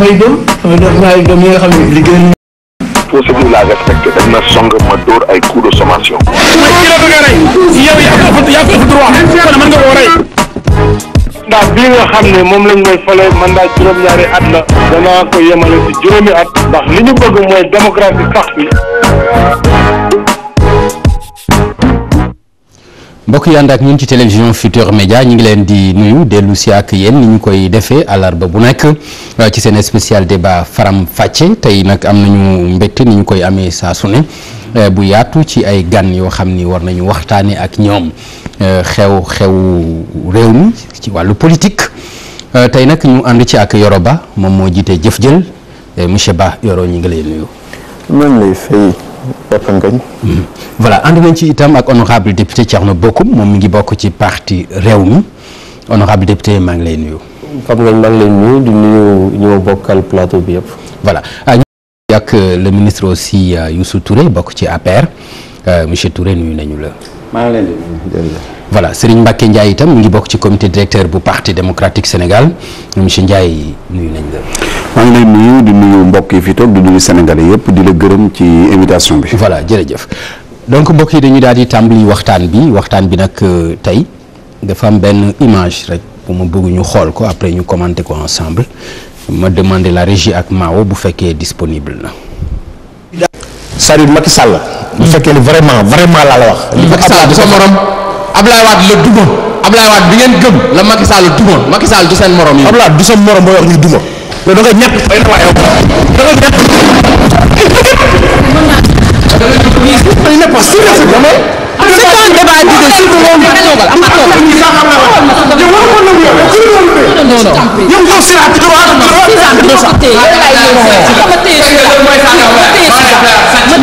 may doom damay doom ñaari doom yi nga xam ne liggéey nañu. procédure la ma song dóor ay coup de sommation. mooy kii a rey yow yaa ko ëpp yaa ko ëpp droit kon nga koo rey. ndax bii nga xam ne moom lañ may fale mandat juróom-ñaari at la. danaa ko yemale ci juróomi at. ndax li ñu bëgg mooy démocratie sax bi. mbokk yi ànd ak ñun ci télévision Futur Média ñu ngi leen di nuyu dellu si ak yéen ni ñu koy defee àllarba bu nakk euh, ci seen spécial débat faram fàcce tey nag am nañu mbégte ni ñu koy amee saa ne euh, bu yaatu ci ay gan yoo xam ni war nañu waxtaanee ak ñoom euh, xew xewu réew mi ci wàllu politik tey nag ñu ànd ci ak Yoro Ba moom moo jiitee jëf jël monsieur Ba Yoro ñu ngi lay nuyu. maa lay fay. Mhm. voilà ànd nañ ci itam ak honorable député Thierno Bocoum moom mi ngi bokk ci parti réew mi honorable député maa ngi lay nuyu. Pape Ngagne maa ngi lay nuyu di nuyu ñoo bokkal plateau bi yëpp. voilà ah, ñu ak euh, le ministre aussi euh, Youssou Touré bokk ci APR euh, monsieur Touré nuyu nañu la. maa ngi leen di nuyu voilà Serigne Mbacke Ndiaye itam mu ngi bokk ci commité directeur bu parti démocratique Sénégal monsieur Ndiaye nuyu nañ la. maa lay nuyu di nuyu mbokk yi fi toog di nuyu sénégalais yëpp di la gërëm ci invitation bi. voilà jërëjëf donc mbokk yi dañu daal di tàmbali waxtaan bi waxtaan bi nag euh, tey dafa am benn image rek bu ma bëgg xool ko après ñu commenter ko ensemble ma demander la régie ak Mao bu fekkee disponible na. c'est-à-dire Macky Sall. bu fekkee ni vraiment vraiment laa la wax. li Macky Sall du sa morom Abdoulaye Wade la duggoon. Ablaye Wade bi ngeen gëm la Macky Sall du seen morom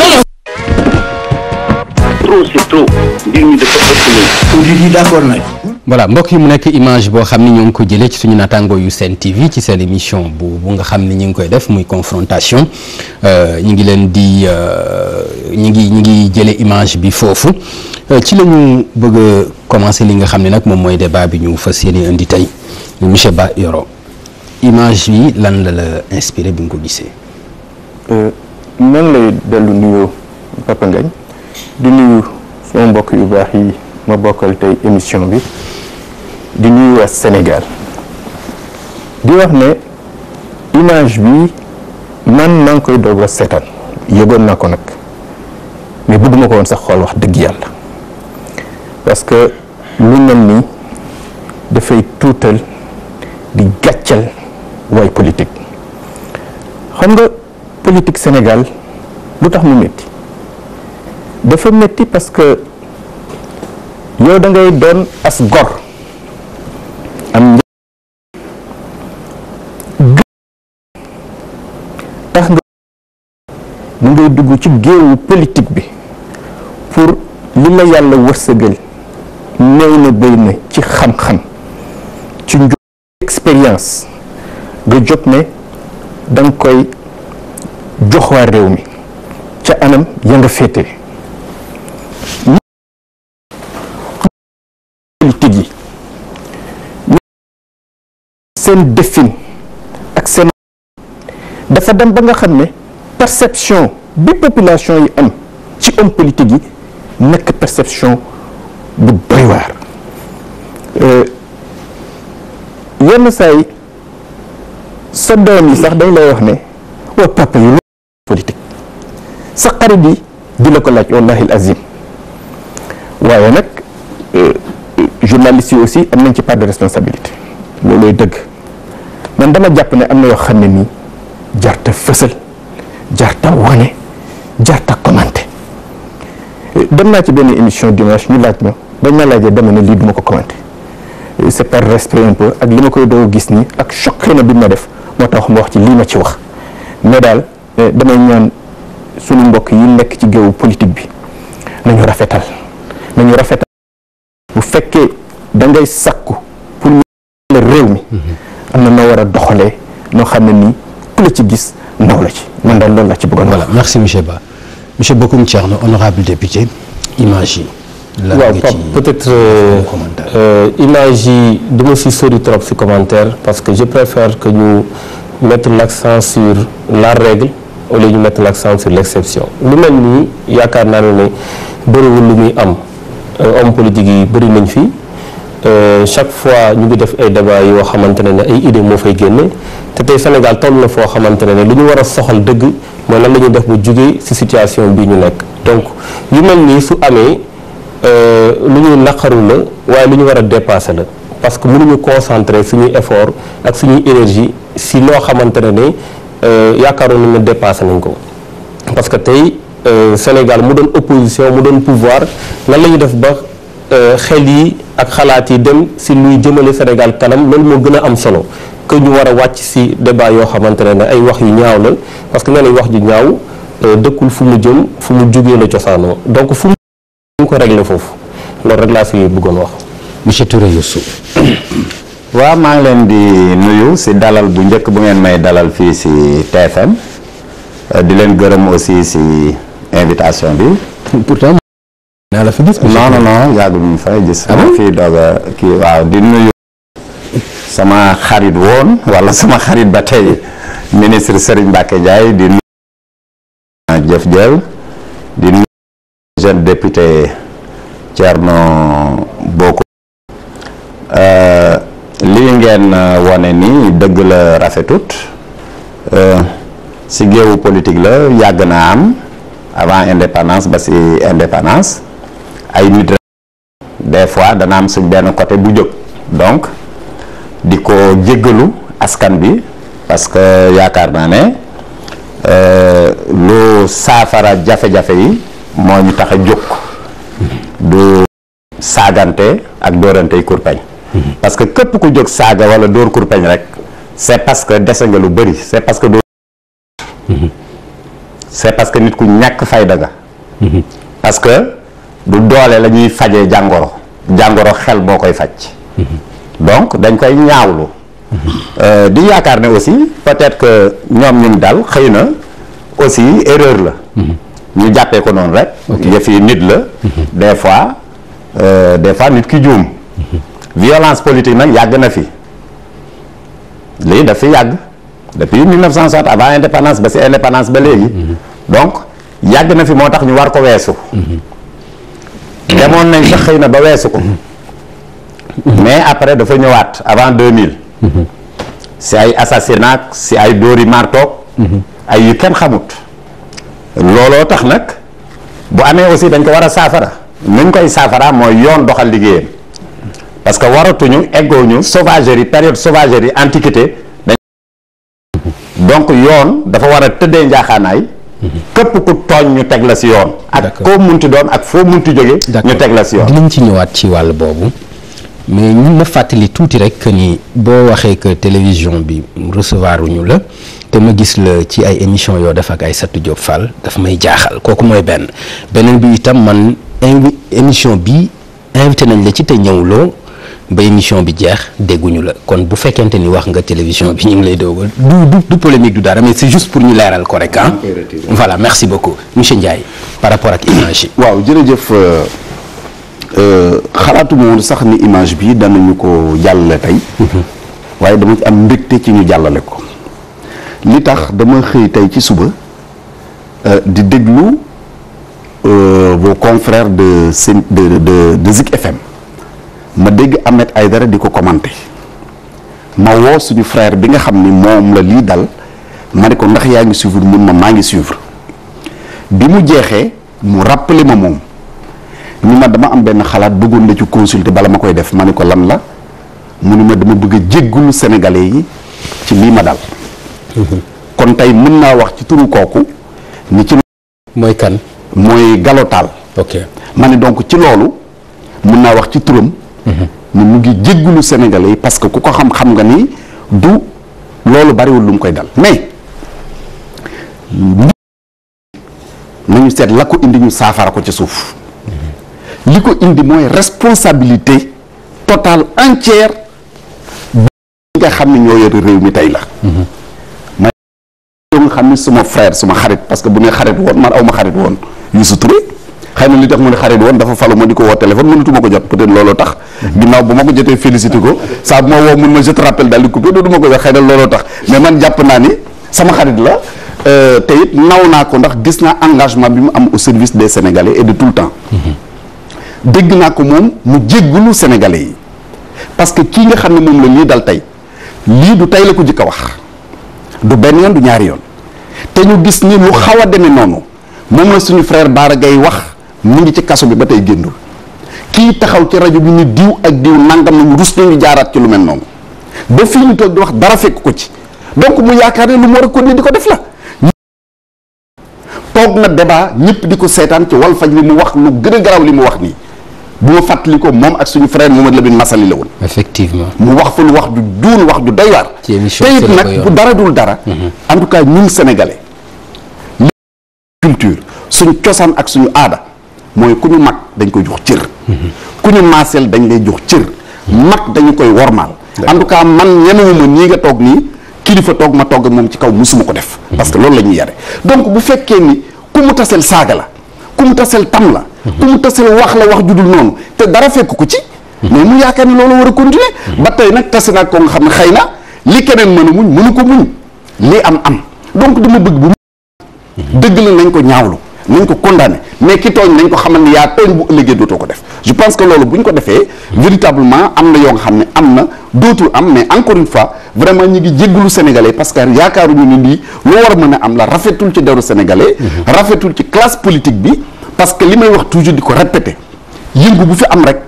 yi. trop c'est trop mbir mi dafa ëpp léegi. auditeurs yi d'accord voilà mbokk yi mu nekk image boo xam ne ñoo ngi ko jëlee ci suñu naataangoo yu seen TV ci seen émission bu bu nga xam ne ñu ngi koy def muy confrontation euh, ñu ngi leen di euh, ñu ngi ñu ngi jëlee image bi foofu euh, ci la bëgg a commencer li nga xam ne nag moom mooy débat bi ñu fas yéene indi tey monsieur Ba Yoro image yi lan la la inspiré bi nga ko gisee. maa ngi lay du nuyu sama mbokk yu baax yi ma bokkal tey émission bi di nuyu waa Sénégal di wax ne image bi man maa koy doog a seetaan yëgoon naa ko nag mais bëgguma ko woon sax xool wax dëgg yàlla parce que lu mel ni dafay tuutal di gàccal waay politique xam nga politik Sénégal lu tax mu metti dafa métti parce que yow dangay ngay doon as gor am tax nga mu ngay dugg ci géewu politique bi pour li la yàlla wërsëgal néew na béy na ci xam-xam ci nju expérience nga jot ne da koy jox réew mi ca anam ya nga féete politique yi seen defin ak seen dafa dem ba nga xam ne perception bi population yi am ci homme politique yi nekk perception bu doy euh, yenn saa yi sa doom yi sax dañ lay wax ne waa papa yi politique sa xarit yi di ko laaj wallahi al waaye nag euh, euh, journalistes yi aussi am nañ ci part de responsabilité loolooy dëgg man dama jàpp ne am na yoo xam ne nii jarta fësal jarta wane jarta commenté euh, dem naa ci benn émission dimanche ñu laaj ma dañ ma laajee dama ne lii duma ko commenté c'est par respect un peu ak li ma koy doo gis ni ak choqué na bi ma def moo tax ma wax ci lii ma ci wax mais daal damay ñaan sunu mbokk yi nekk ci géewu politique bi nañu rafetal nañu rafetal bu fekkee da ngay pour ñu la réew mi am na noo war a doxalee noo xam ne nii ku la ci gis ndaw la ci man daal la ci bëggoon voilà la monsieur Ba monsieur Bokoum Thierno honorable député image yi waaw Pape peut-être euh, euh, image yi du si sori trop si commentaire parce que je préfère que ñu mettre l'accent sur la règle au ñu mettre l'accent sur l'exception lu mel nii yaakaar naa ne ne lu muy am Euh, homme politique yi bëri nañ fi euh, chaque fois ñu ngi def ay débat yoo xamante ne ne ay idée moo fay génne te tey Sénégal toll na foo xamante ne ne lu ñu war a soxal dëgg mooy lan la ñuy def bu jugee ci situation bii ñu nekk donc yu mel nii su amee euh, lu ñuy naqaru la waaye lu ñu war a dépasser la parce que mënuñu concentrer suñuy effort ak suñuy énergie si loo xamante ne ne yaakaaroon nañ ne dépassé nañ ko parce que tey Euh, Sénégal mu doon opposition mu doon pouvoir lan la ñu def ba euh, xel yi ak xalaat yi dem si luy jëmale Sénégal kanam loolu moo gën a am solo que ñu war a wàcc si débat yoo xamante ne ay wax yu ñaaw la parce que nee wax ju ñaaw euh, dëkkul fu mu jëm fu mu jugee la cosaanoo donc fu mu ko regle foofu loolu rek laa fi bëggoon wax. monsieur Touré Youssou. waaw maa ngi leen di nuyu si dalal bu njëkk bu ngeen may dalal fii si TFM di leen gërëm aussi ci invitation bi. pourtant. naa la ah sama xarit woon wala sama xarit ba tey ministre Serigne Mbacké Ndiaye di nuyu. Euh, ngeen euh, wone ni dëgg la rafetut. Euh, si géewu politique la yàgg naa am. avant indépendance ba si indépendance ay nit rek des fois dana am suñ benn côté bu jóg donc di ko jéggalu askan bi parce que yaakaar naa ne euh, lu saafara jafe-jafe yi moo ñu tax a jóg du saagante ak dóorantey kurpeñ parce que képp ku jóg saaga wala dóor kurpeñ rek c'est parce que dese nga lu bëri c'est parce que doo c'est parce que nit ku ñàkk fayda nga mhm. parce que du doole la ñuy fajee jàngoro jàngoro xel boo koy faj mhm. donc dañ koy ñaawlu euh, di yaakaar ne aussi peut-être que ñoom ñun dal xëy na aussi erreur la mhm. ñu jàppee ko noonu rek yëf nit la des fois euh, des fois nit ki juum violence politique nag yàgg na fi lii daf yàgg depuis 1960 avant indépendance ba si indépendance ba léegi. donc yàgg na fi moo tax ñu war ko weesu. demoon nañ sax xëy na ba weesu ko. mais après dafa ñëwaat avant mille si ay assassinat si ay dóori martoog. ay yu kenn xamut. looloo tax nag bu amee aussi dañ ko war a saafara nuñ koy saafara mooy yoon doxal liggéeyam parce que waratuñu eggooñu sauvagerie période sauvagerie antiquité. donc yoon dafa war a tëddee njaaxaanaay képp ku tooñ ñu teg la si yoon ak koo munti doon ak foo munti jóge ñu teg la si yoon dinañ ci ñëwaat ci wàll boobu mais ñu ma fàttali tuuti rek ni boo waxee que télévision bi recevoir ñu la te ma gis la ci ay émission yoo def ak ay Aïssatou Diop Fall dafa may jaaxal kooku mooy benn beneen bi itam man émission bi invité nañ la ci te ñëwloo ba émission bi jeex dégguñu la kon bu fekkente ni wax nga télévision bi ñu ngi lay doogal du du polémique du dara mais c'est juste pour ñu leeral ko rek ah. voilà merci beaucoup monsieur Ndiaye par rapport ak image yi. waaw jërëjëf euh, euh, xalaatuma woon sax ni image bi danañu ko jàllale tey. Mm-hmm. waaye dama am mbégte ci ñu jàllale ko. li tax dama xëy tey ci suba euh, di déglu vos confrères de de de de FM. ma dégg Ahmed Aïdara di ko commenté ma woo suñu frère bi nga xam ni moom la lii dal ma ne ko ndax yaa ngi suivre mun ma maa ngi suivre bi mu jeexee mu rappelé ma moom ni ma dama am benn xalaat bëggoon la ci consulter bala ma koy def ma ne ko lan la mu ni ma dama bëgg a jéggulu sénégalais yi ci lii ma dal mhm. kon tey mën naa wax ci turu kooku ni ci mooy kan mooy galotaal ma ne donc ci loolu mën naa wax ci turam ni mu ngi jéggulu Sénégalais yi parce que ku ko xam-xam nga ni du loolu bariwul lu mu koy dal mais nañu seet la ko indi ñu saafara ko ci suuf li ko indi mooy responsabilité total entière bi nga xam ne ñoo yore réew mi tey la ma yoo nga xam ni suma frère suma xarit parce que bu ne xarit woon man aw ma xarit woon Youssou Touré xay na li tax mu ne xarit woon dafa falu ma di ko woo téléphone mënatuma ko jot peut-être looloo tax ginnaaw ba ma ko jotee félicité ko saa ma woo mun ma je rappelle daal di coupé dootu ma ko jot xëy na looloo tax mais man jàpp naa ni sama xarit la euh, te it naw naa ko ndax gis naa engagement bi mu am au service des sénégalais et de tout le temps mm-hmm. dégg naa ko moom mu jéggulu sénégalais yi parce que kii nga xam ne moom la lii dal tey lii du tey la ko jëkk a wax du benn yoon du ñaari yoon te ñu gis ni lu xaw a demee noonu moom la suñu wax mu ngi ci kaso bi ba tey génnul kii taxaw ci rajo bi ni diw ak diw nangam nañu rus nañu jaaraat ci lu mel noonu ba fii toog di wax dara fekk ko ci donc mu yaakaar ne lu mu war a continuer di ko def la. toog na débat ñëpp di ko seetaan ci wal faj li mu wax lu gën a garaaw li mu wax nii bu ma fàttali ko moom ak suñu frère Momadou Lamine Massaly la woon. effectivement mu wax fa lu wax ju wax ju day waar. ci émission te nag bu dara dul dara. Mhm. en tout cas ñun sénégalais. culture suñu cosaan ak suñu aada. mooy ku ñu mag dañ koy jox cër ku ñu maaseel dañ lay jox cër mag dañu koy wormaal en tout cas man ñemewuma nii nga toog nii kilifa toog ma toog ak moom ci kaw musuma ko def parce que loolu la yare donc bu fekkee ni ku mu taseel saaga la ku mu taseel tam la ku mu taseel wax la wax judul noonu te dara fekk ko ci mais mu yaakaar ni loolu war a continuer ba tey nag tase naa ko nga xam ne xëy na li keneen mën a muñ mënu ko muñ li am am donc dama bëgg bu dëgg la nañ ko ñaawlu nañ ko condamné mais ki tooñ nañ ko xamal ni yaa tooñ bu ëllëgee dootoo ko def je pense que loolu bu ñu ko defee véritablement am na yoo nga xam ne am na dootul am mais encore une fois vraiment ñi ngi jéggalu sénégalais parce que yaakaaruñu ni lii lu war a mën a am la rafetul ci deru sénégalais mhm. rafetul ci classe politique bi parce que li may wax toujours di ko répété yëngu bu fi am rek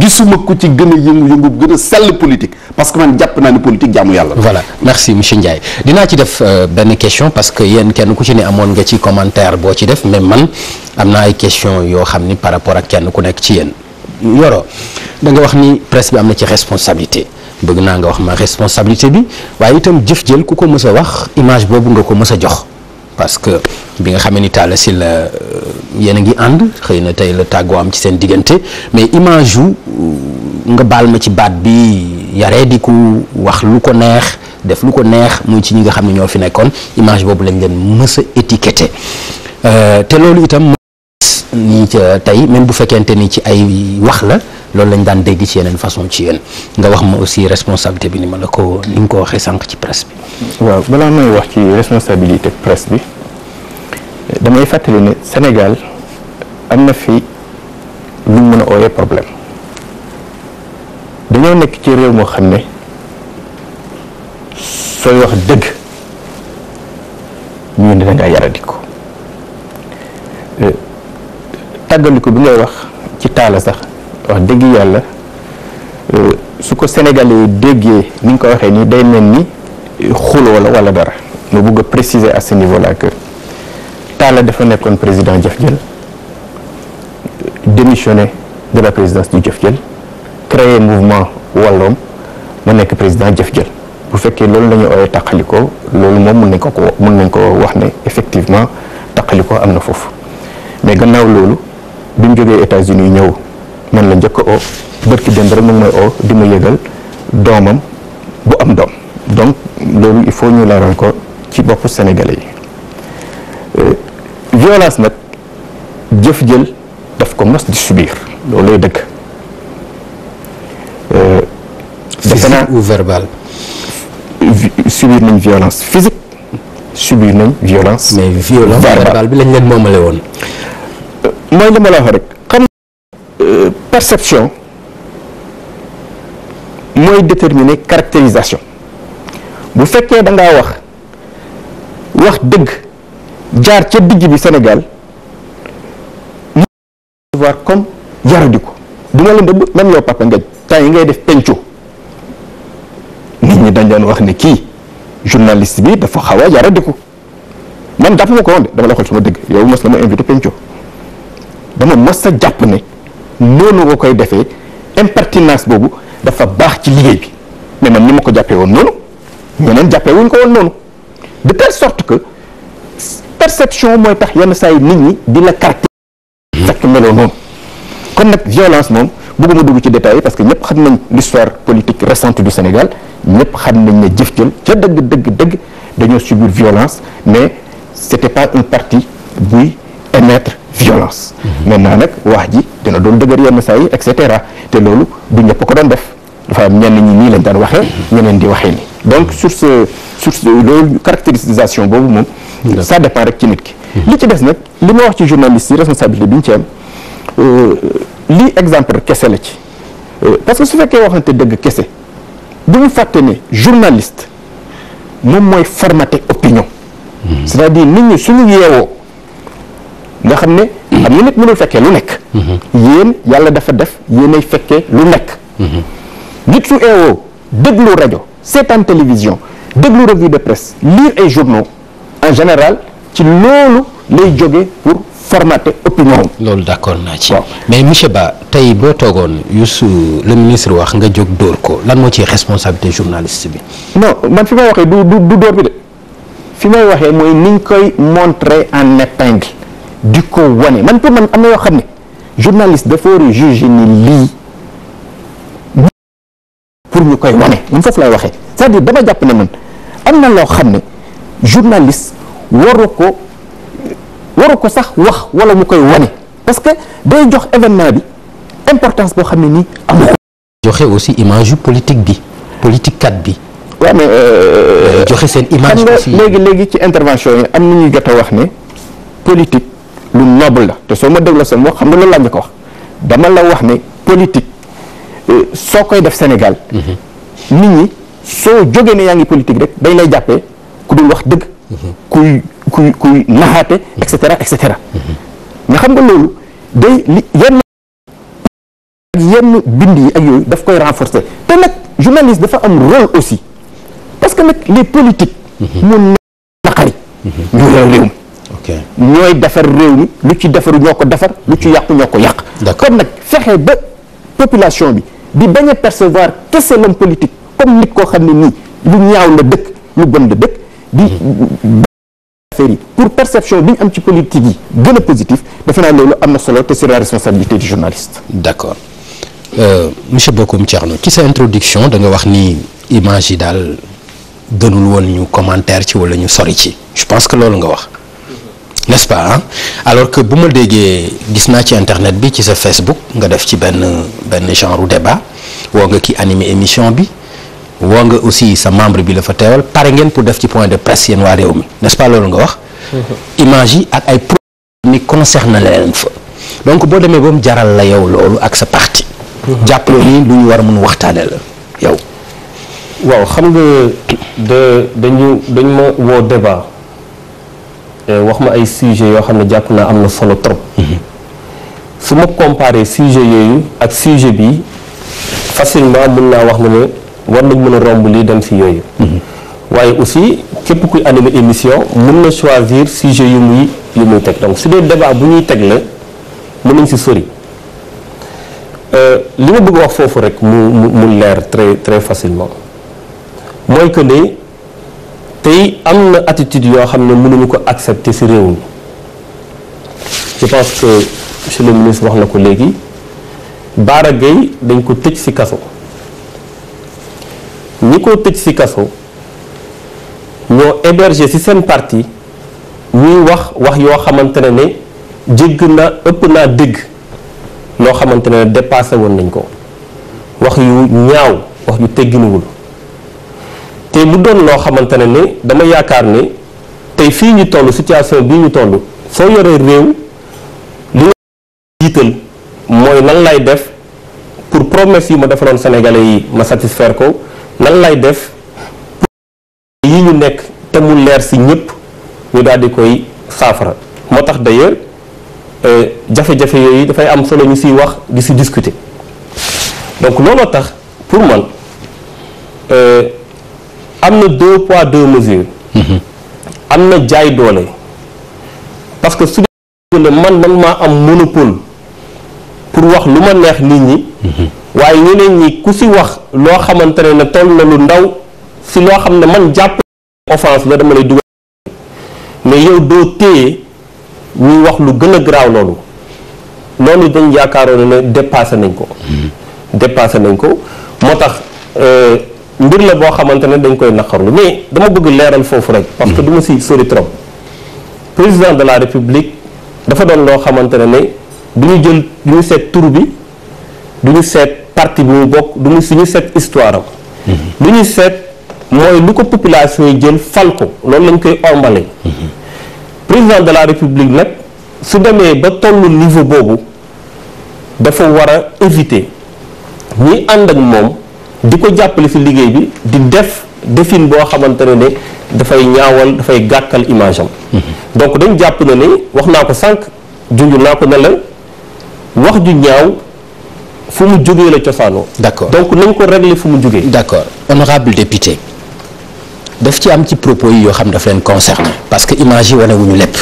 gisuma ko ci gën a yëngu-yëngu gën a sell politique parce que man jàpp naa ne politique jàmm yàlla voilà merci monsieur Ndiaye dinaa ci def euh, benn question parce que yéen kenn ku ci ne amoon nga ci commentaire boo ci def mais man am na ay question yoo xam ni par rapport ak kenn ku nekk ci yéen Yoro da nga wax ni presse bi am na ci responsabilité bëgg naa nga wax ma responsabilité bi waaye itam jëf jël ku ko mës wax image boobu nga ko mës a jox parce que bi nga xamee ni Talla Sylla la euh, yéen a ngi ànd xëy na tey la tàggoo am ci seen diggante mais image yu euh, nga baal ma ci baat bi yaree di ku wax lu ko neex def lu ko neex muy ci ñi nga xam ne ñoo fi nekkoon image boobu lañ leen mës a euh, te loolu itam. lii ca tey même bu fekkente ni ci ay wax la loolu lañ daan dégg ci yeneen façon ci yéen nga wax ma aussi responsabilité bi ni ma la ko ni nga ko waxee sànq ci presse bi. waaw balaa may wax ci responsabilité presse bi damay fàttali ne Sénégal am na fi lu mën a ooyee problème dañoo nekk ci réew moo xam ne sooy wax dëgg ñun dina ngaa yaradi ko. Euh, tàggaliku bi ngay wax ci taala sax wax dëgg yàlla euh, su ko sénégalais yi déggee ni nga ko waxee nii day mel ni xuloo la wala dara ma bugg a préciser à ce niveau là que taala dafa nekkoon président jëf jël démissionné de la présidence du jëf jël créé mouvement wàlloom mu nekk président jëf jël bu fekkee loolu la ñu ooyee taqalikoo loolu moom mun nañ ko ko mun nañ koo wax ne effectivement taqalikoo am na foofu mais gannaaw loolu bi mu jógee États-Unis ñëw man la njëkk a oo bërki démb rek mu may oo di ma yëgal doomam bu am doom donc loolu il faut ñu leeral ko ci boppu Sénégalais yi euh, violence nag jëf jël daf ko mos di subir loolooy dëgg. Euh, defe naa physique ou verbal. subir nañ violence physique subir nañ violence. mais violence verbale bi lañ leen moomale woon. mooy li ma la wax rek xam euh, perception mooy déterminer caractérisation bu fekkee da ngaa wax wax dëgg jaar ca digg bi Sénégal mu voir comme yaradi ko du ma la dëbb même yow Papa Ngagne temps yi ngay def penco nit ñi dañ doon wax ni kii journaliste bi dafa xaw a yaradi ko man jàpp ma ko woon dama la xool sama dëgg yow mos la ma invité penco dama mës sa jàpp ne noonu nga koy defee impertinence boobu dafa baax ci liggéey bi mais man ni ma ko jàppee woon noonu ñeneen jàppee wuñ ko woon noonu de telle sorte que perception mooy tax yenn saa yi nit ñi di la caractère fekk meloo noonu kon nag violence moom bëgguma dugg ci détail parce que ñëpp xam nañ l'histoire politique récente du Sénégal ñëpp xam nañ ne jëf jël ca dëgg dëgg dëgg dañoo subir violence mais c'était pas un parti buy émettre violence. maintenant nag wax ji dina doon dëgër yenn saa yi et cetera te loolu du ñëpp ko doon def dafa am ñenn ñi nii lañ daan waxee ñeneen di waxee nii donc sur ce sur ce loolu caractérisation boobu moom. ça dépend rek ci nit ki. li ci des nag li ma wax ci journaliste yi responsabilité bi ñu ci am euh, lii exemple kese la ci euh, parce que su fekkee waxante dëgg kese bu ñu fàtte ne journaliste moom mooy formater opinion. Hmm. c'est-à-dire nit ñi suñu yeewoo. nga xam ne am na nit mënul fekkee lu nekk yéen yàlla dafa def yéenay fekkee lu nekk nit su eewoo déglu rajo seetaan télévision déglu revue de presse lire ay journaux en général ci loolu lay jóge pour formater opinion loolu d'accord naa ci mais monsieur Ba tey boo toogoon su le ministre wax nga jóg dóor ko lan moo ci responsabilité journaliste bi non man fi may waxee du dóor bi de fi may waxee mooy niñ koy montre en épingle di ko wane man pour man am na yoo xam ne journaliste dafa war a juger ni lii pour ñu koy wane man foofu lay waxee c'est-à-dire jàpp ne man am na loo xam ne journaliste waru ko waru ko sax wax wala mu koy wane parce que day jox événement bi importance xam ne nii amu joxe aussi image yu politique bi politique kat bi waaw mais euh, euh, joxe seen image aussi léegi léegi ci intervention yi am na ñuy jot wax ne politique lu noble la te soo ma dégloo sama wax xam nga loolu laa njëkk a wax dama la wax ne politique euh, soo koy def Sénégal. Mhm. nit ñi soo jógee ne yaa ngi politique rek dañ lay jàppee ku dul wax dëgg. Mhm. kuy kuy kuy naxaate mhm. et cetera et nga xam nga loolu day li yenn bind yi ak yooyu daf koy renforcer te nag journaliste dafa am rôle aussi parce que nag les politiques. ñoo naqari. ñu réew réew mi ñooy defar réew mi lu ci defaru ñoo ko defar lu ci yàqu ñoo ko yàq kon nag fexe ba population bi di bañ a percevoir kese l'homme politique comme koo xam ne nii lu ñaaw la dëkk lu bon la dëkk di mm-hmm. pour perception bi am ci politique yi gën a defe naa loolu am na solo te c'est la responsabilité du journaliste d'accord euh, monsieur Bocoum Thierno ci sa introduction da nga wax nii image yi daal gënul woon ñu commentaire ci wala ñu sori ci je pense que loolu nga wax n'est-ce pas alors que bu ma déggee gis naa ci internet bi ci sa Facebook nga def ci benn benn genre débat woo nga ki animé émission bi woo nga aussi sa membre bi la fa teewal pare ngeen pour def ci point de presse yéen waa réew mi n'est-ce pas loolu nga wax. Mm-hmm. image yi ak ay problèmes ni concerne leen fa donc boo demee ba mu jaral la yow loolu ak sa parti. Mm-hmm. jàppaloo ni lu ñu war a mun waxtaanee la yow. waaw xam nga dañu dañ ma woo débat. Euh, wax ma ay sujet yoo xam ne jàpp naa am na solo trop mhm. su ma comparé sujet yooyu ak sujet bi facilement mun naa wax ne ne war nañ mën a romb lii dem si yooyu mhm. waaye aussi képp kuy animé émission mun na choisir sujet yu muy yu muy teg donc su dee débat bu ñuy teg la mën nañ si sori euh, li ma bëgg wax foofu rek mu mu mu leer très très facilement mooy que ne tey am na attitude yoo xam ne mënuñu ko accepter ci réew mi je pense que monsieur le ministre wax na ko léegi Bara Gaye dañ ko tëj ci kaso ñi ko tëj ci kaso ñoo hébergé ci seen parti ñuy wax wax yoo xamante ne ne jégg na ëpp naa dégg loo xamante ne dépassé woon nañ ko wax yu ñaaw wax yu tegginuwul te mu doon loo xamante ne ni dama yaakaar ni tey fii ñu toll situation bii ñu toll soo yoree réew li mooy nan lay def pour promesse yi ma defaloon sénégalais yi ma satisfaire nan lay def yi ñu nekk te mu leer si ñëpp ñu daal di koy saafara moo tax d'ailleurs euh, jafe-jafe yooyu dafay am solo ñu siy wax di si discuter donc looloo tax pour man. Euh, am na deux poids deux mesures. Mhm. am na jaay doole parce que su man man maa am monopole pour wax lu ma neex nit ñi. Mhm. waaye ñeneen ñi ku si wax loo xamante ne ne toll na lu ndaw si loo xam ne man jàpp offense la dama lay dugal mais yow doo téye ñuy wax lu gën a garaaw loolu loolu dañ yaakaaroon ne dépassé nañ ko mhm. dépassé nañ ko moo tax euh, mbir la boo xamante ne dañ koy naqarlu mais dama bëgg leeral foofu rek. parce que hmm. du ma si sori trop. président de la république dafa doon loo xamante ne ne du ñu jël du ñu seet tur bi du ñu seet parti bi mu bokk du ñu suñu seet histoire hmm. lu ñuy seet mooy lu ko population yi jël fal ko loolu lañ koy ombale. Hmm. président de la république nag su demee ba tollu niveau boobu dafa war a éviter ñuy ànd ak moom. di ko jàppale fi liggéey bi di def defin boo xamante ne ne dafay ñaawal dafay gàkkal image am mm-hmm. donc dañ jàpp na ne wax naa ko sànq junj naa ko ne la wax ju ñaaw fu mu jógee la cosaanoo d'accord donc nañ ko régler fu mu jógee d'accord honorable député daf ci am ci propos yi yoo xam ne daf leen concerné parce que image yi wane wuñu lépp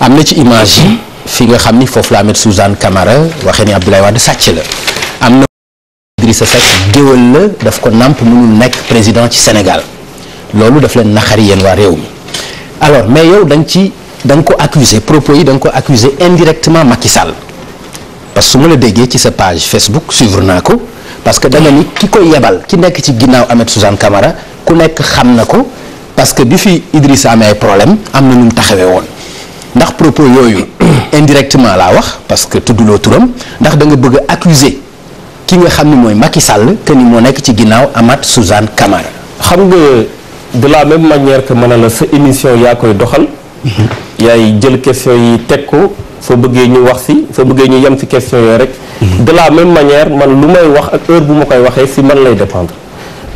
am na ci image yi fi nga xam ni foofu la met Suzanne Camara waxee ni Abdoulaye Wade sàcc la am na Idrissa Seck géwal la daf ko nàmp mënul nekk président ci Sénégal loolu daf leen naxari yéen waa réew mi alors mais yow da ci da ko accuser propos yi da nga ko accuser indirectement Macky Sall parce que su ma la déggee ci sa page Facebook suivre naa ko parce que da nga ni ki koy yebal ki nekk ci ginnaaw Ahmed Suzanne Camara ku nekk xam na ko parce que bi fi Idrissa amee ay problème am na nu mu taxawee woon ndax propos yooyu indirectement laa wax parce que tudduloo ki nga xam ni mooy Macky Sall que ni moo nekk ci ginnaaw Amath Suzanne Camara. xam nga de la même manière que mën na la sa émission yaa koy doxal. Mhm. yaay jël question yi teg ko soo bëggee ñu wax si soo bëggee ñu yem si question yooyu rek. Mhm. de la même manière man lu may wax ak heure bu ma koy waxee si man lay dépendre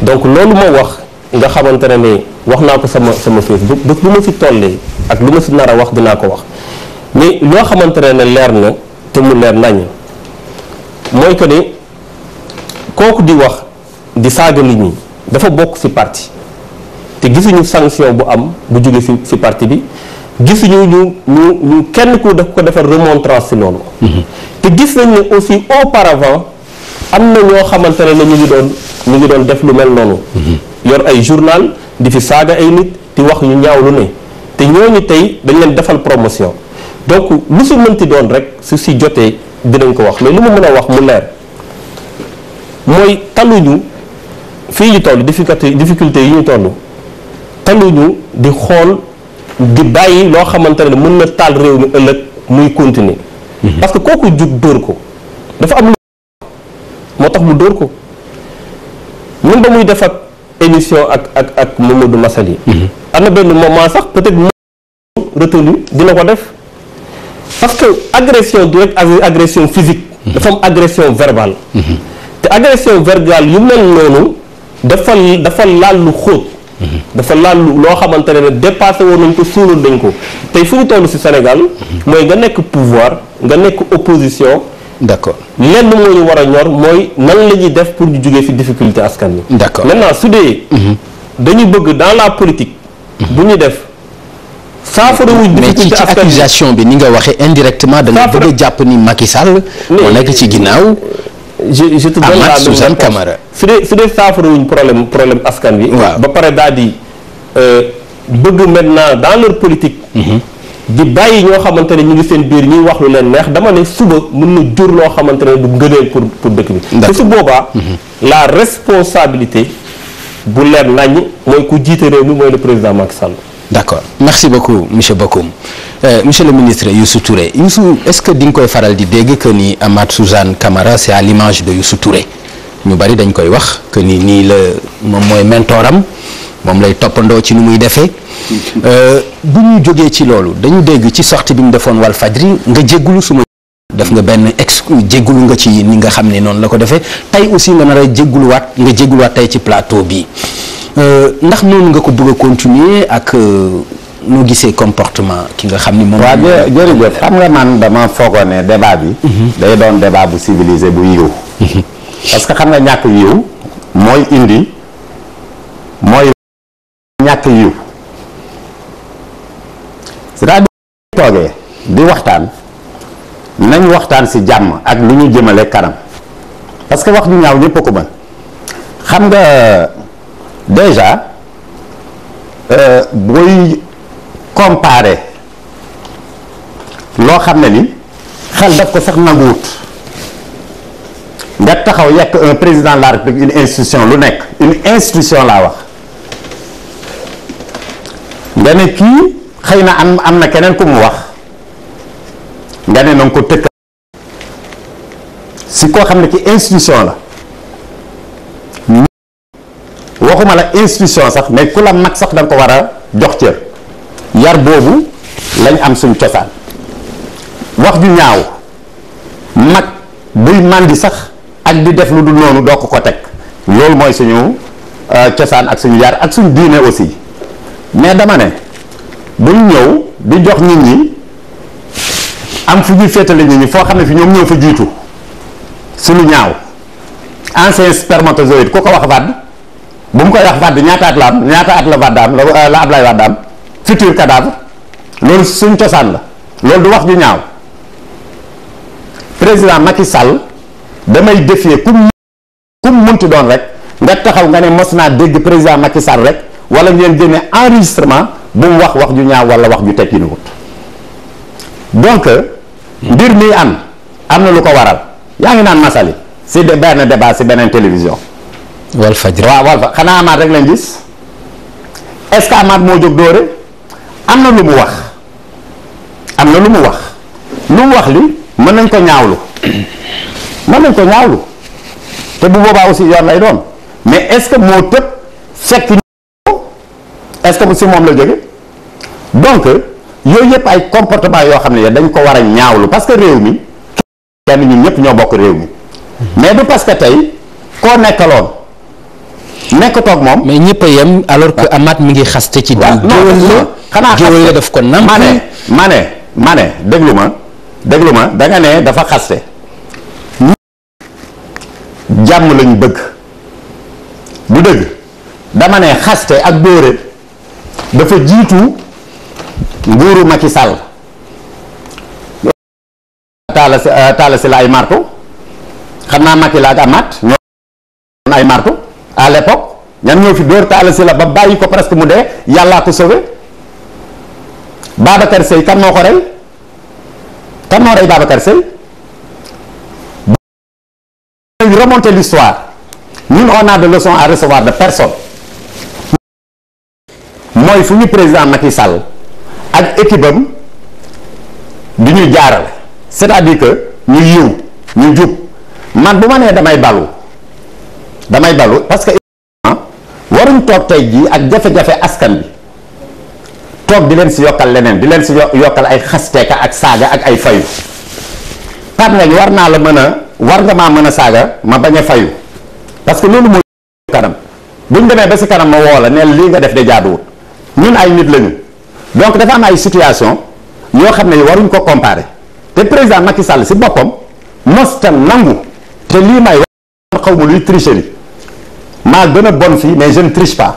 donc loolu ma wax nga xamante ne ne wax naa ko sama sama Facebook bés lu ma si tollee ak lu ma si nar a wax dinaa ko wax mais loo xamante ne leer na te mu leer kooku di wax di saaga nit ñi dafa bokk ci parti te gisuñu sanction bu am bu jóge ci ci parti bi gisuñu ñu ñu kenn ku daf ko defar remontrance ci noonu mhm. te gis nañ ne aussi auparavant am na ñoo xamante ne ñu ngi doon ñu ngi doon def lu mel noonu mhm. yor ay journal di fi saaga ay nit di wax ñu ñaaw lu ne te ñooñu tey dañ leen defal promotion donc lu si mënti doon rek su si jotee dinañ ko wax mais lu ma mën a wax mu leer mooy ñu fii ñu toll difficulté difficulté yi ñu toll ñu di xool di bàyyi loo xamante ne mën na taal réew mi ëllëg muy continuer mhm. parce que kooku jug dóor ko dafa am moo tax mu dóor ko même ba muy def ak émission ak ak ak Mamadou Massaly mhm. am na benn moment sax peut-être mo retenu dina ko def parce que agression du rek agression physique mhm. dafa am agression verbale te agression verbale yu mel noonu dafa dafa laal lu xóot. dafa laal lu loo xamante ne dépassé woon nañ ko suulul dañ ko tey fu ñu toll ci Sénégal. mooy nga nekk pouvoir nga nekk opposition. d'accord lenn moo ñu war a ñor mooy nan la ñuy def pour ñu jógee fi difficulté askan wi. d'accord naa su dee. Mhm. dañu bëgg dans la politique. Mhm. bu ñu def. saafara wuñ difficulté askan mais accusation bi ni nga waxee indirectement da nga jàpp ni Macky Sall. moo nekk ci ginnaaw. je je te ah, donne la Suzanne Camara su dee su dee saafarawuñ problème problème askan wi. waaw ba pare daal di euh, bëgg maintenant dans leur politique. Mhm. di bàyyi ñoo xamante ne ñu ngi seen biir ñuy wax lu leen neex dama ne suba mën na jur loo xamante ne du ngëneel pour pour dëkk bi. te su boobaa. Mhm. la responsabilité bu leer naññ mooy ku jiite réew mi mooy le président mac Sall. d'accord merci beaucoup monsieur Bokoum euh, monsieur le ministre Youssou Touré Youssou est-ce que di koy faral di dégg que ni Amath Suzanne Camara c'est à l'image de Youssou ñu bari dañ koy wax que ni nii la moom mooy mentoram moom lay toppandoo ci nu muy defee euh, bu ñu jógee ci loolu dañu dégg ci sortie bi mu defoon Walf Fadjri nga jéggulu suma def nga benn ex jéggulu nga ci ni nga xam ne noonu la ko defee tey aussi nga nar a jégguluwaat nga jégguluwaat tey ci plateau bi Euh, ndax noonu nga ko bëgg a continuer ak euh, noo gisee comportement ki nga xam ni moom. waaw jërëjëf xam nga man dama foogoon ne débat bi. Mhm. day doon débat bu civilisé bu yiw. Mhm. parce que xam nga ñàkk yiw mooy indi mooy ñàkk yiw c'est-à-dire toogee di waxtaan nañ waxtaan si jàmm ak lu ñu jëmale kanam parce que wax ñu ñaaw ñëpp a ko xam nga. déjà euh, booy comparer loo xam ne ni xel daf ko sax nanguwut nga taxaw yekk un président de la république une institution lu nekk une institution laa wax nga ne kii xëy na am am na keneen ku mu wax nga ne na ko tëkk si koo xam ne ci institution la waxuma la institution sax mais ku la mag sax da ko war a jox cër yar boobu lañ am suñ cosaan wax ju ñaaw mag buy màndi sax ak di def lu dul noonu doo ko ko teg loolu mooy suñu euh, cosaan ak suñu yar ak suñu diine aussi mais dama ne buñ ñëw di jox nit ñi am fu ñuy féetale nit ñi foo xam ne fi ñoom ñoo fa jiitu suñu ñaaw ancien spermatozoïde ku ko wax wadd bu mu koy wax Wade ñaata at la am ñaata at la Wade am euh, la Ablaye Wade am futur cadavre loolu suñ cosaan la loolu du wax ju ñaaw président Macky Sall damay défier ku mu ku ti doon rek nga taxaw nga ne mos naa dégg président Macky Sall rek wala ngeen génne enregistrement bu mu wax wax ju ñaaw wala wax ju tekki wut donc mbir mi am am na lu ko waral yaa ngi naan masali si benn débat si beneen télévision wal fajri waaw wal fa xanaa amaat rek lañ gis est-ce que amaat moo jóg dóore am na lu mu wax am na lu mu wax lu mu wax li mën nañ ko ñaawlu mën nañ ko ñaawlu te bu boobaa aussi yoon lay doon mais est-ce que moo tëb fekk est si moom la jóge donc yooyu yëpp ay comportement yoo xam ne dañ ko war a ñaawlu parce que réew mi kenn ñun ñëpp ñoo bokk réew mi mais du parce que tey koo nekkaloon nekk toog moom. mais ñëpp a yem alors que ah. Amath mi ngi xaste ci. waaw non xanaa xaste la def ko nam. ma ne ma ne ma ne ma déglu ma da ne dafa xaste. jàmm lañu bëgg bu dëgg dama ne xaste ak dóore dafa jiitu nguuru Macky Sall. taala si euh, taala la ay marto xam naa Macky la ak Amath ñoo ay marto. à l'époque ñan ñoo fi dóor Talla Sylla ba bàyyi ko presque mu dee yàllaa ko sauvé Babacar Seye kan moo ko rey kan moo rey Babacar Seye ñun on a de à recevoir de personne mooy fu ñu président Macky Sall ak équipe du ñu jaarale c'est-à-dire que ñu yiw ñu jub man bu ma nee damay balu damay balu parce que waruñ toog tey jii ak jafe-jafe askan bi toog di leen si yokkal leneen di leen si yokkal ay xasteeka ak saaga ak ay fayu Pape Ngagne war naa la mën a war nga maa mën a saaga ma bañ a fayu parce que loolu mooy kanam buñ demee ba si kanam ma woo la ne lii nga def de jaaduwut ñun ay nit lañu donc dafa am ay situation yoo xam ne waruñ ko comparer te président Macky Sall si boppam mosta nangu te lii may wax xaw ma luy maa gën a bon fii mais je ne triche pas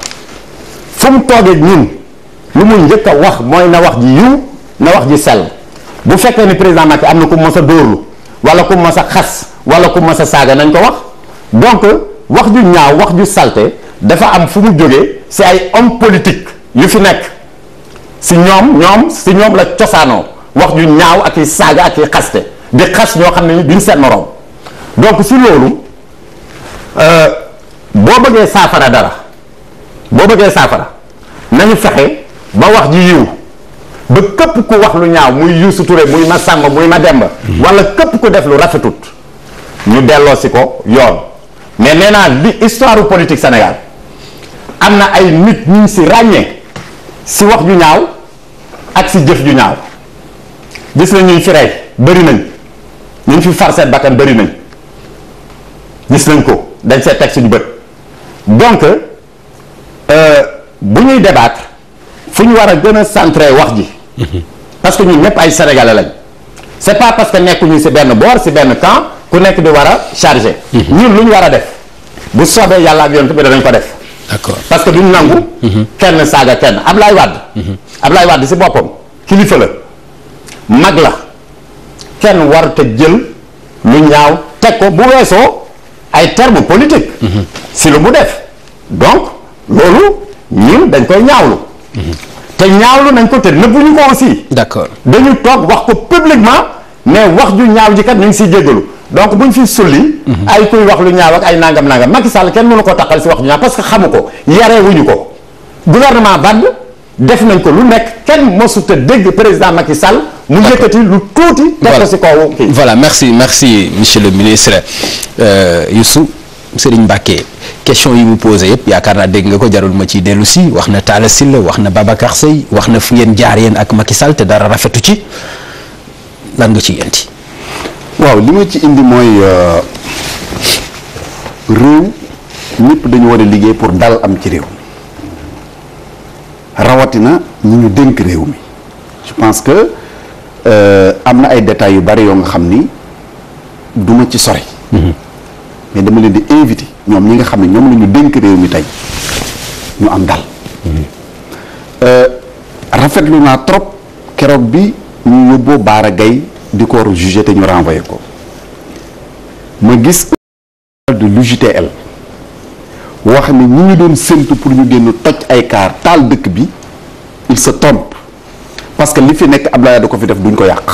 fu mu toogee ñun lu mu njëkk a wax mooy na wax ji yiw na wax ji sel bu fekkee ni président Macky am na ku mos a dóorlu wala ku mos a xas wala ku mos a saaga nañ ko wax donc wax ju ñaaw wax ju salte dafa am fu mu jógee si ay homme politique yu fi nekk si ñoom ñoom si ñoom la cosaanoo wax ju ñaaw ak i saaga ak i xaste di xas ñoo xam ne duñ seen morom donc si loolu. Euh, boo bëggee saafara dara boo bëggee saafara nañu fexe ba wax ji yiw ba képp ku wax lu ñaaw muy Youssou ture muy ma sàmba muy ma demb wala képp ku def lu rafetut ñu delloo si ko yoon mais nee naa li histoire politique Sénégal am na ay nit ñu si ràññee si wax ju ñaaw ak si jëf ju ñaaw gis nañ ñu fi rey bëri nañ ñu fi far seen bakkan bëri nañ gis nañ ko dañ see teg suñu bët donc euh, bu ñuy débattre fu ñu war a gën a centré wax ji. parce que ñun ñëpp ay sénégalais lañ. c'est pas parce que nekkuñu si benn boor si benn camp ku nekk di war a chargé. ñun lu ñu war a def bu soobee yàlla ak yonent bi dañ ko def. d'accord parce que duñ nangu. kenn saaga kenn Ablaye Wade. Ablaye Wade si boppam kilifa la mag la kenn warut a jël lu ñaaw teg ko bu weesoo. ay termes politiques. si lu mu def donc loolu ñun dañ koy ñaawlu. te ñaawlu nañ ko te nëbbuñu ko aussi. d'accord dañu toog wax ko publiquement mais wax ju ñaaw ji kat ñu ngi siy jégalu donc buñ fi sulli. ay kuy wax lu ñaaw ak ay nangam nangam Macky Sall kenn mënu ko taxal si wax ju ñaaw parce que xamu ko yaree wuñu ko gouvernement Wade. def nañ ko lu nekk kenn mosut a dégg président Macky Sall. mu yëkkati lu tuuti. teg ko si kaw kii voilà merci merci monsieur le ministre euh, su Serigne Mbacké question yi mu posé yëpp yaakaar naa dégg nga ko jarul ma ciy dellu si wax na Talla Sylla wax na Babacar Seye wax na fi ngeen jaar yéen ak Macky Sall te dara rafetu ci lan nga ciy indi. waaw li ma ci indi mooy euh, réew ñëpp dañu war a liggéey pour dal am ci réew. rawatina ñu ñu dénk réew mi je pense que euh, am na ay détails yu bari yoo nga xam ni duma ci sori. Mhm. mais dama leen di invité ñoom ñi nga xam ne ñoom la ñu dénk réew mi tey ñu am dal mhm. euh, rafetlu naa trop keroog bi ñu yóbboo Baara Gaye di ko te ñu renvoyé ko ma gis de l'UJTL wax ni ñi ngi doon séntu pour ñu génn toj ay kaar taal dëkk bi il se trompe parce que li fi nekk Abdoulaye da ko fi def duñ ko yàq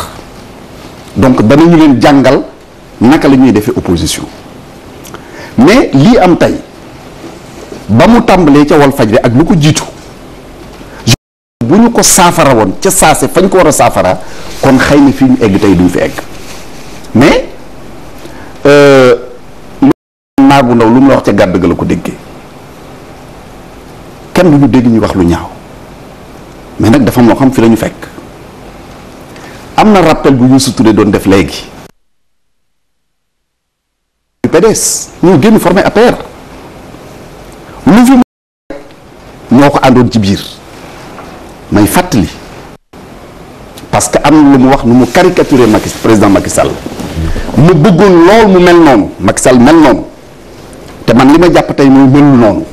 donc danañu leen jàngal naka lañuy defee opposition mais lii am tey ba mu tàmbalee ca wal fajre ak lu ko jiitu bu ñu ko saafara woon ca saase fañ ko war a saafara kon xëy na fii ñu egg tey duñ fi egg mais. Euh, naar bu ndaw lu mu wax ca gàdd ga la ko déggee kenn du ñu dégg ñu wax lu ñaaw mais nag dafa moo xam fi la fekk am na rappel bu Youssou Touré doon def léegi PDS ñoo génn formé APR lu fi ko àndoon ci biir may fàttali parce que am lu mu wax nu mu caricaturé Macky président Macky mu bëggoon lool mu mel noonu Macky Sall mel noonu te man li ma jàpp tey mooy mel noonu.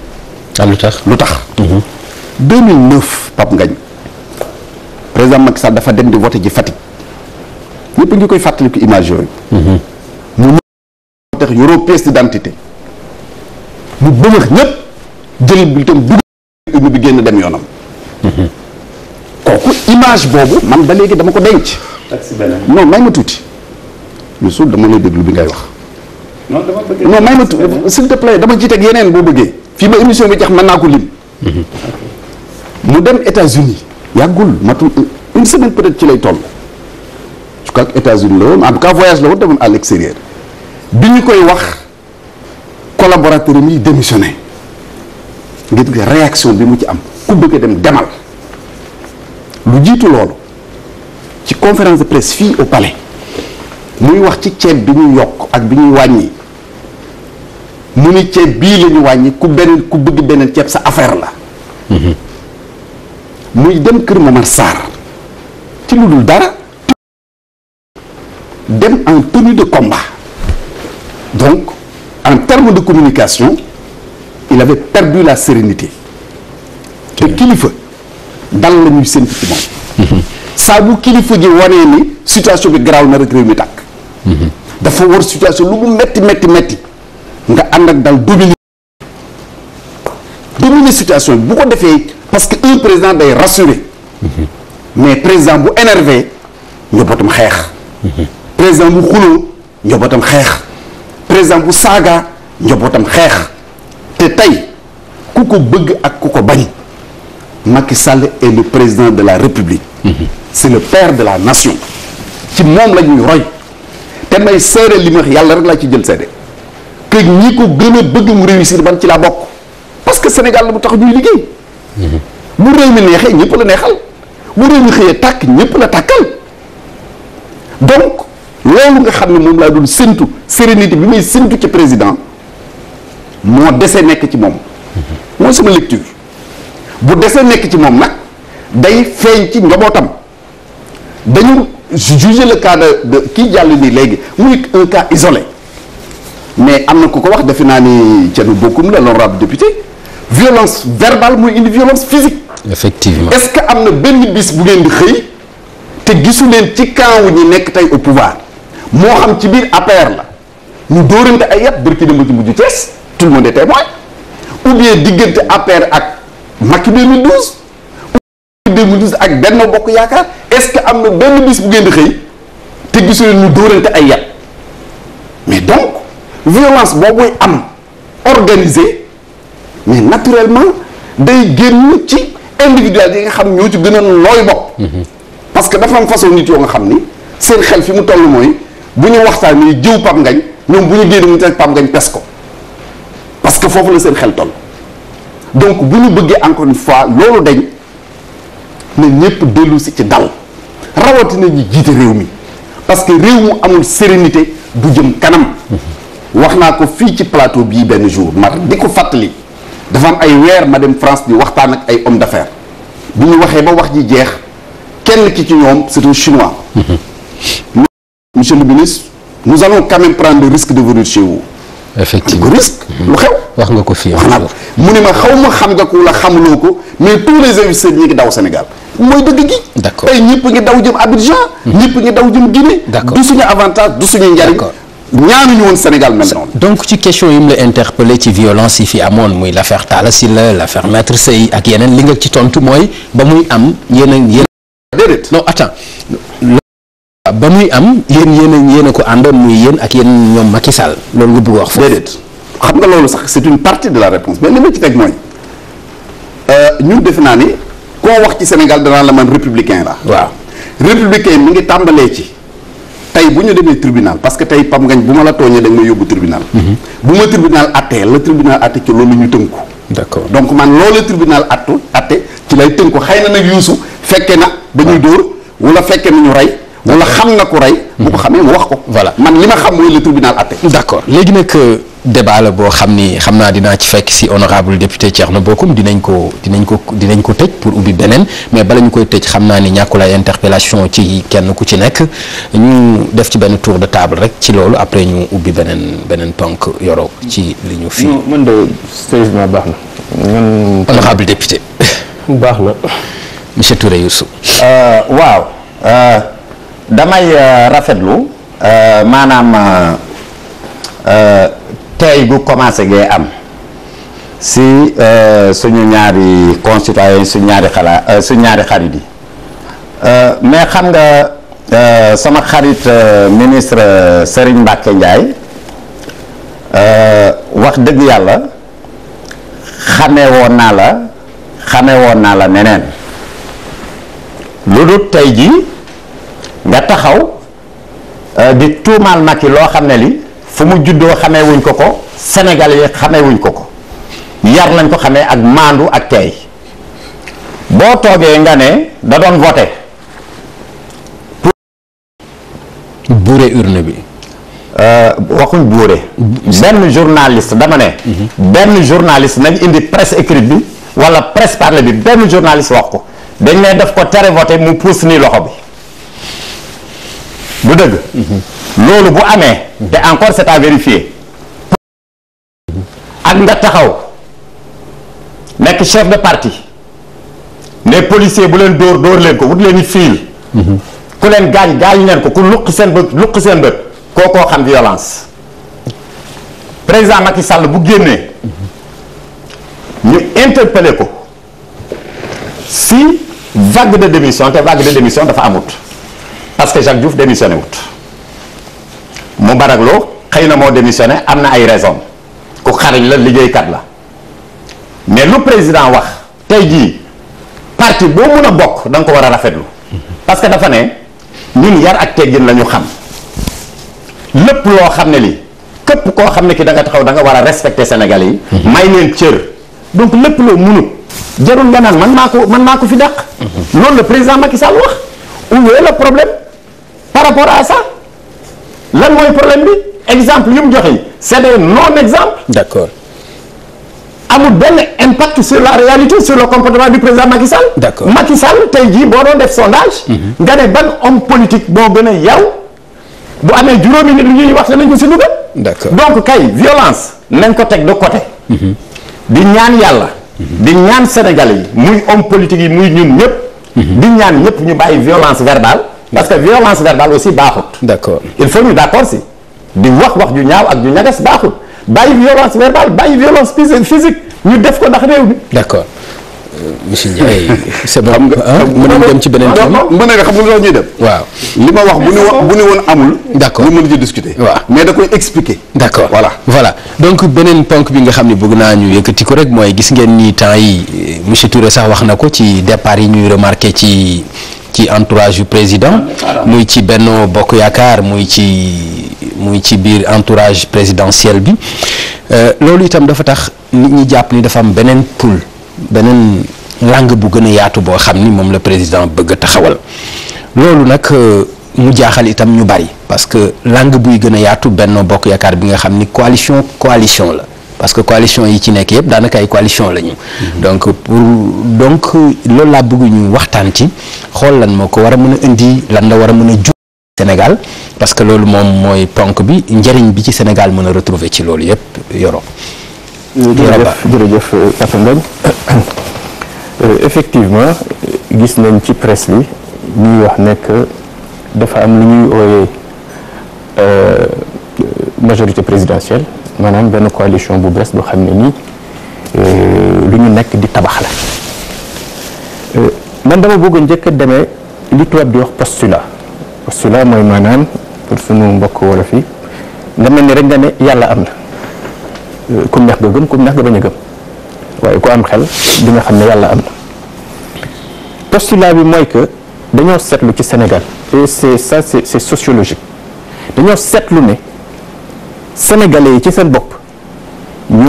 ah lu tax lu tax. 2009 mhm. Pape Ngagne président Macky Sall dafa dem di voté ji Fatick ñëpp ngi koy fàttaliku image yooyu. Mhm. mu tax yoroo pièce d'identité mu bëgg ñëpp jël bulletin dugg bi génn dem yoonam. Mhm. kooku image boobu man ba léegi dama ko denc. non may ma tuuti Youssou dama lay déglu bi ngay wax. non dama bëgg may ma s'il te plaît dama jiiteeg yeneen boo bëggee fii ba émission bi jax mën naa ko lim. mu dem États-Unis yàggul matul une semaine être ci lay toll. je crois que États-Unis la woon en voyage la woon demoon à bi ñu koy wax collaborateur mi démissionné ngir réaction bi mu ci am ku bëgg a dem demal lu jiitu loolu ci conférence de presse fii au palais. muy wax ci ceeb bi ñu yokk ak bi ñuy wàññi mu ni ceeb bii la ñu wàññi ku benn ku bëgg beneen ceeb sa affaire la mm-hmm. muy dem kër Momar Sarr ci lu dul dara dem en tenue de combat donc en termes de communication il avait perdu la sérénité te kilifa dal la ñuy séntu ci moom mm-hmm. saa bu kilifa ji wanee ni situation bi garaaw na rek mi tàkk dafa war situation lu mu metti metti metti nga ànd ak dal dominer dominer situation bu ko defee parce que un président day rassurer mais président bu énervé njabootam xeex président bu xeex président bu saaga njabootam xeex te tey ku ko bëgg ak ku ko bañ Macky Sall est le président de la République c'est le père de la nation ci moom la ñuy roy te may seere li ma wax yàlla rek laa ci jël seede que ñi ko gën a bëgg mu réussir man ci laa bokk parce que Sénégal la bu tax ñuy liggéey mu réew mi neexee ñëpp la neexal mu réew mi xëyee tàkk ñëpp la tàkkal donc loolu nga xam ne moom laa doon séntu sérénité bi may séntu ci président moo desee nekk ci moom mooy sama lecture bu dese nekk ci moom nag day feeñ ci njabootam dañu juger le cas de de kii jàll nii léegi muy un cas isolé mais am na ku ko wax defe naa ni Thierno Bocoum la l'honorable député violence verbale muy indi violence physique. effectivement est-ce que am na benn bis bu ngeen di xëy te gisu leen ci camp wu ñi nekk tey au pouvoir moo xam ci biir APR la ñu dóorante ay yàpp bërki dama ci mujj Thiès tout le monde est témoin ou bien diggante APR ak Macky 2012 ak Benno Bokk Yaakaar est-ce que am na benn bis bu ngeen di xëy te gisu leen ñu dóorante ay yat mais donc violence boobuy am organisée mais naturellement day génn ci individualité yi nga xam ñoo ci gën a nooy bopp mhm. parce que dafa am façon nit yoo nga xam ni seen xel fi mu toll mooy bu ñu waxtaanee jëw Pape ngañ ñoom bu ñu génn mu teg Pape ngañ pes ko parce que foofu la seen xel toll donc bu ñu bëggee encore une fois loolu dañ na ñëpp dellu ci dal rawatina ñi jiite réew mi parce que réew mu amul sérénité du jëm kanam wax naa ko fii ci plateau bii benn jour ma di ko fàttali dafa am ay weer ma dem France di waxtaan ak ay homme d'affaires bi mu waxee ba wax ji jeex kenn ki ci ñoom c'est un chinois monsieur le ministre nous allons quand prendre risque de venir chez effectivement du risque. lu xew wax nga ko fii. mu ne ma xaw ma xam nga ko la xamuloo ko mais tous les investisseurs ñi ngi daw Sénégal mooy dëgg gi. d' accord tey ñëpp ngi daw jëm Abidjan. Hmm. ñëpp ngi daw jëm Guinée. d' accord du suñu avantage du suñu njariñ. ñaanuñu woon Sénégal mel noonu. donc ci question yi mu la interpellé ci violence yi fi amoon muy l' affaire Talla Sylla la affaire Maître Sèye ak yeneen li nga ci tontu mooy ba muy am yeneen a yéen. déedéet ba muy am yéen yéen a ko àndoon muy yéen ak yéen ñoom Macky Sall loolu nga bëgg wax foofu déedéet xam nga loolu sax c'est une partie de la réponse mais li ma ci teg mooy euh, ñun defe naa ni ko wax ci Sénégal danaa la man républicain la waaw républicain mi ngi tàmbalee ci tey bu ñu demee tribunal parce que tey Pam Ngañ bu ma la tooñee da nga ma yóbbu tribunal mhm. bu ma tribunal attee la tribunal atte ci loolu ñu tënku d'accord donc man loolu tribunal attu atte ci lay tënku xëy na nag yuusu fekkee na ba ñuy dóor wala fekkee na ñu rey wala xam na ku rey. bu ko ne mu wax ko. voilà man li ma xam mooy le tribunal atte. d'accord léegi nag euh, débat la boo xam ni xam naa dinaa ci fekk si honorable député Thierno Bocoum dinañ ko dinañ ko dinañ ko tëj pour ubbi beneen mais bala ñu koy tëj xam naa ni ñàkku ay interpellation ci kenn ku ci nekk ñu def ci benn tour de table rek ci loolu après ñu ubbi beneen beneen ponk yoroo ci li ñu. fii man de sérieusement baax na. man honorable député. baax na. monsieur Touré su euh, waaw. Euh, damay euh, rafetlu euh, maanaam euh, tey gu commencé gee am si suñu ñaari concitoyens suñu ñaari xalaat suñu ñaari xarit yi mais xam nga sama xarit ministre Serigne Mbacke Ndiaye wax dëgg yàlla xamee woon naa la xamee woon naa la neneen lu dul tey ji nga taxaw euh, di tuumaal Macky loo xam ne li fu mu juddoo xamee wuñ ko ko Sénégal yi xamee wuñ ko ko yar lañ ko xamee ak maandu ak teey boo toogee nga ne da doon voté pour buure urne bi euh, waxuñ buure benn journaliste dama ne mhm. benn journaliste nañ indi presse écrite bi wala presse parlée bi benn journaliste wax ko dañ ne daf ko tere mu puus nii loxo bi bu dëgg loolu bu amee te encore c'est à vérifier ak nga taxaw nekk chef de parti ne policier bu leen dóor dóor leen ko wut leen fiil ku leen gaañ gaañu leen ko ku luqi seen bët luqi seen bët kookoo xam violence président Macky Sall bu génnee ñu interpellé ko si vague de démission te vague de démission dafa amut parce que Jacques Diouf démissionné wut Moubarak Lô xëy na moo démissionné am na ay raison ku xariñ la liggéeykat la mais lu président wax tey jii parti boo mun a bokk da nga ko war a rafetlu parce que dafa ne ñun yar ak teggin la ñu xam lépp loo xam ne li képp koo xam ne ki da nga taxaw da nga war a respecter Sénégalais yi may leen cër donc lépp loo munut jarul nga naan man maa ko man maa ko fi dàq loolu la président Macky Sall wax où est le problème par rapport à sa lan mooy problème bi exemple yu mu joxe yi c'est des non exemples. d'accord. amul benn impact sur la réalité sur le comportement du président Macky Sall. d'accord Macky Sall tey jii boo doon def sondage. Mhm. nga ne ban homme politique boo gën a yaw bu amee juróomi nit lu ñuy wax nañ ko si dugal. d'accord donc kay violence nañ ko teg de côté. Mhm. di ñaan yàlla. Mhm. di ñaan Sénégalais yi muy homme politique yi muy ñun ñëpp. di ñaan ñëpp ñu bàyyi violence verbale. parce que violence verbale aussi baaxut. d'accord il faut ñu d'accord si di wax wax ju ñaaw ak ju ñagas baaxut bàyyi violence verbale bàyyi violence physique ñu def ko ndax réew mi. d'accord euh, monsieur Ndiaye. c'est bon xam nga mën dem ci beneen tool mën na xam nga loolu ñuy ma wax bu ni woon bu ni woon amul. d'accord ñu mën ci discuter. mais da koy expliquer. d'accord voilà voilà donc beneen ponk bi nga xam ne bëgg naa ñu yëkkati ko rek mooy gis ngeen nii temps yi euh, monsieur Touré sax wax na ko ci départ yi ñuy remarqué ci. ci entourage yu président muy ci Benno Bokk Yaakaar muy ci muy ci biir entourage présidentiel bi euh, loolu itam dafa tax nit ñi jàpp ni dafa am beneen pool beneen langue bu gën a yaatu boo xam ni moom la président bëgg a taxawal loolu nag euh, mu jaaxal itam ñu bari parce que langue buy gën a yaatu Benno Bokk Yaakaar bi nga xam ni coalition coalition la parce que coalition yi ci nekk yëpp daanaka ay coalition la ñu. donc pour donc loolu laa bëgguñu waxtaan ci xool lan moo ko war a mën a indi lan la war a mën a jug Sénégal parce que loolu moom mooy ponk bi njëriñ bi ci Sénégal mën a retrouver ci loolu yëpp yoro jërëjëf jërëjëf euh, euh, effectivement gis nañ ci presse bi ñuy wax nekk dafa am lu ñuy ooyee euh, majorité présidentielle maanaam benn coalition bu bees boo xam ne nii euh, lu ñu nekk di tabax la euh, man dama bëgg njëkk a demee li tubaab di wax postulat postulat mooy maanaam pour sunu mbokk wolof yi nga mel ni rek nga ne yàlla am na euh, ku neex nga gëm ku neex nga bañ a gëm waaye ku am xel di nga xam ne yàlla am na postulat bi mooy que dañoo seetlu ci Sénégal et c'est ça c'est sociologique dañoo seetlu ne. sénégalais yi ci seen bopp ñu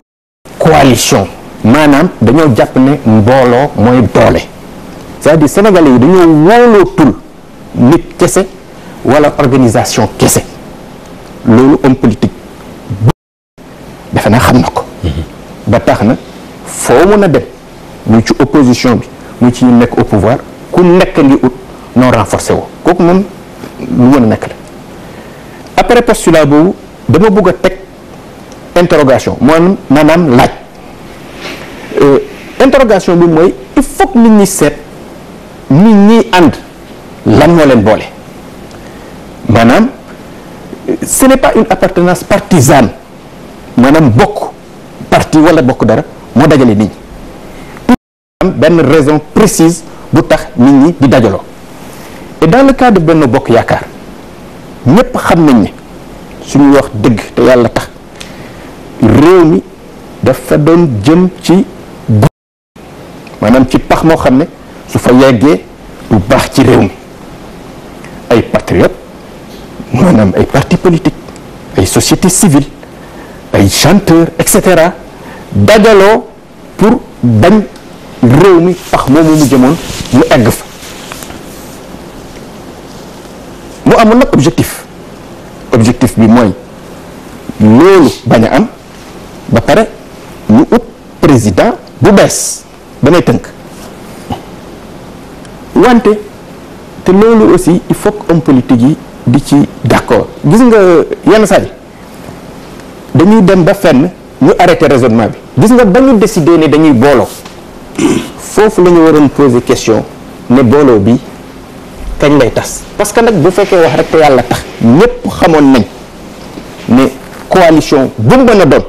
coalition maanaam dañoo jàpp ne mbooloo mooy doole c'est-à-dire sénégalais yi dañoo wóolootul nit kese wala organisation kese loolu homme politique defe naa xam na ko mhm. ba tax na foo mën a dem muy ci opposition bi mu ci ñu nekk au pouvoir ku nekk ngi ut non renforcé woo kooku moom lu mën a nekk la après postulat boobu dama bëgg a teg interrogation mooy maanaam laaj euh, interrogation bi mooy il faut que nit ñi seet nit ñi ànd lan moo leen boole maanaam ce n'est pas une appartenance partisane maanaam bokk parti wala bokk dara moo dajale nit ñi am benn raison précise bu tax nit ñi di dajaloo et dans le benn Bokk Yaakaar ñëpp xam nañ ni suñu wax dëgg te yàlla tax réew mi dafa doon jëm ci maanaam ci pax moo xam ne su fa yeggee du baax ci réew mi ay patriote maanaam ay parti politique ay société civile ay chanteur et cetera dajaloo pour bañ réew mi pax moomu mu jëmoon mu egg fa mu amoon nag objectif objectif bi mooy loolu bañ a am ba pare ñu ut président bu bees damay tënk wante te loolu aussi il faut que homme politique yi di ci d'accord gis nga yenn saa yi dañuy dem ba fenn ñu arrêté raisonnement bi gis nga ba ñu décidé ne dañuy booloo foofu la waroon poser question ne booloo bi kañ lay tas parce que nag bu fekkee wax rek te yàlla tax ñëpp xamoon nañ ne coalition bu mën a doon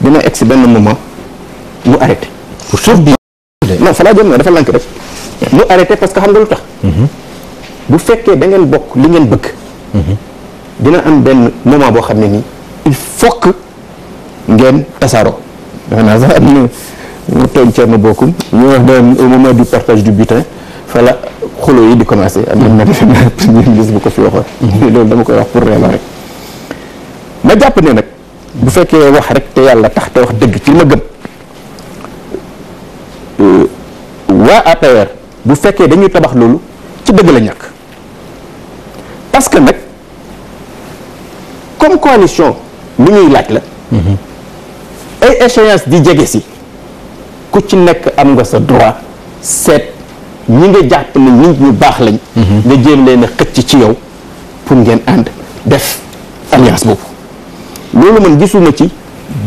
dina egg si benn moment mu arrêté. pour suuf bi. non fa laa jëm dafa lank rek mu arrêté parce que xam nga lu tax. Mhm. bu fekkee da ngeen bokk li ngeen bëgg. Mhm. dina am benn moment boo xam ne nii il faut ngeen tasaaroo. maanaam sax am na mu tooñ Thierno Bocoum ñu moment du partage du butin. fa la xuloo yi di commencé am na defe naa premier bu ko fi waxoon mhm. loolu dama koy wax pour reeloo rek ma jàpp ne nag bu fekkee wax rek te yàlla tax te wax dëgg ci ma gëm euh, waa APR bu fekkee dañuy tabax loolu ci dëgg la ñàkk parce que nag comme coalition lu ñuy laaj la mhm. ay échéance di jege si ku ci nekk am nga sa droit seet ñi nga jàpp ne nit ñu baax lañ. Mhm. nga jéem leen a xëcc ci yow pour ngeen ànd def alliance boobu loolu man gisuma ci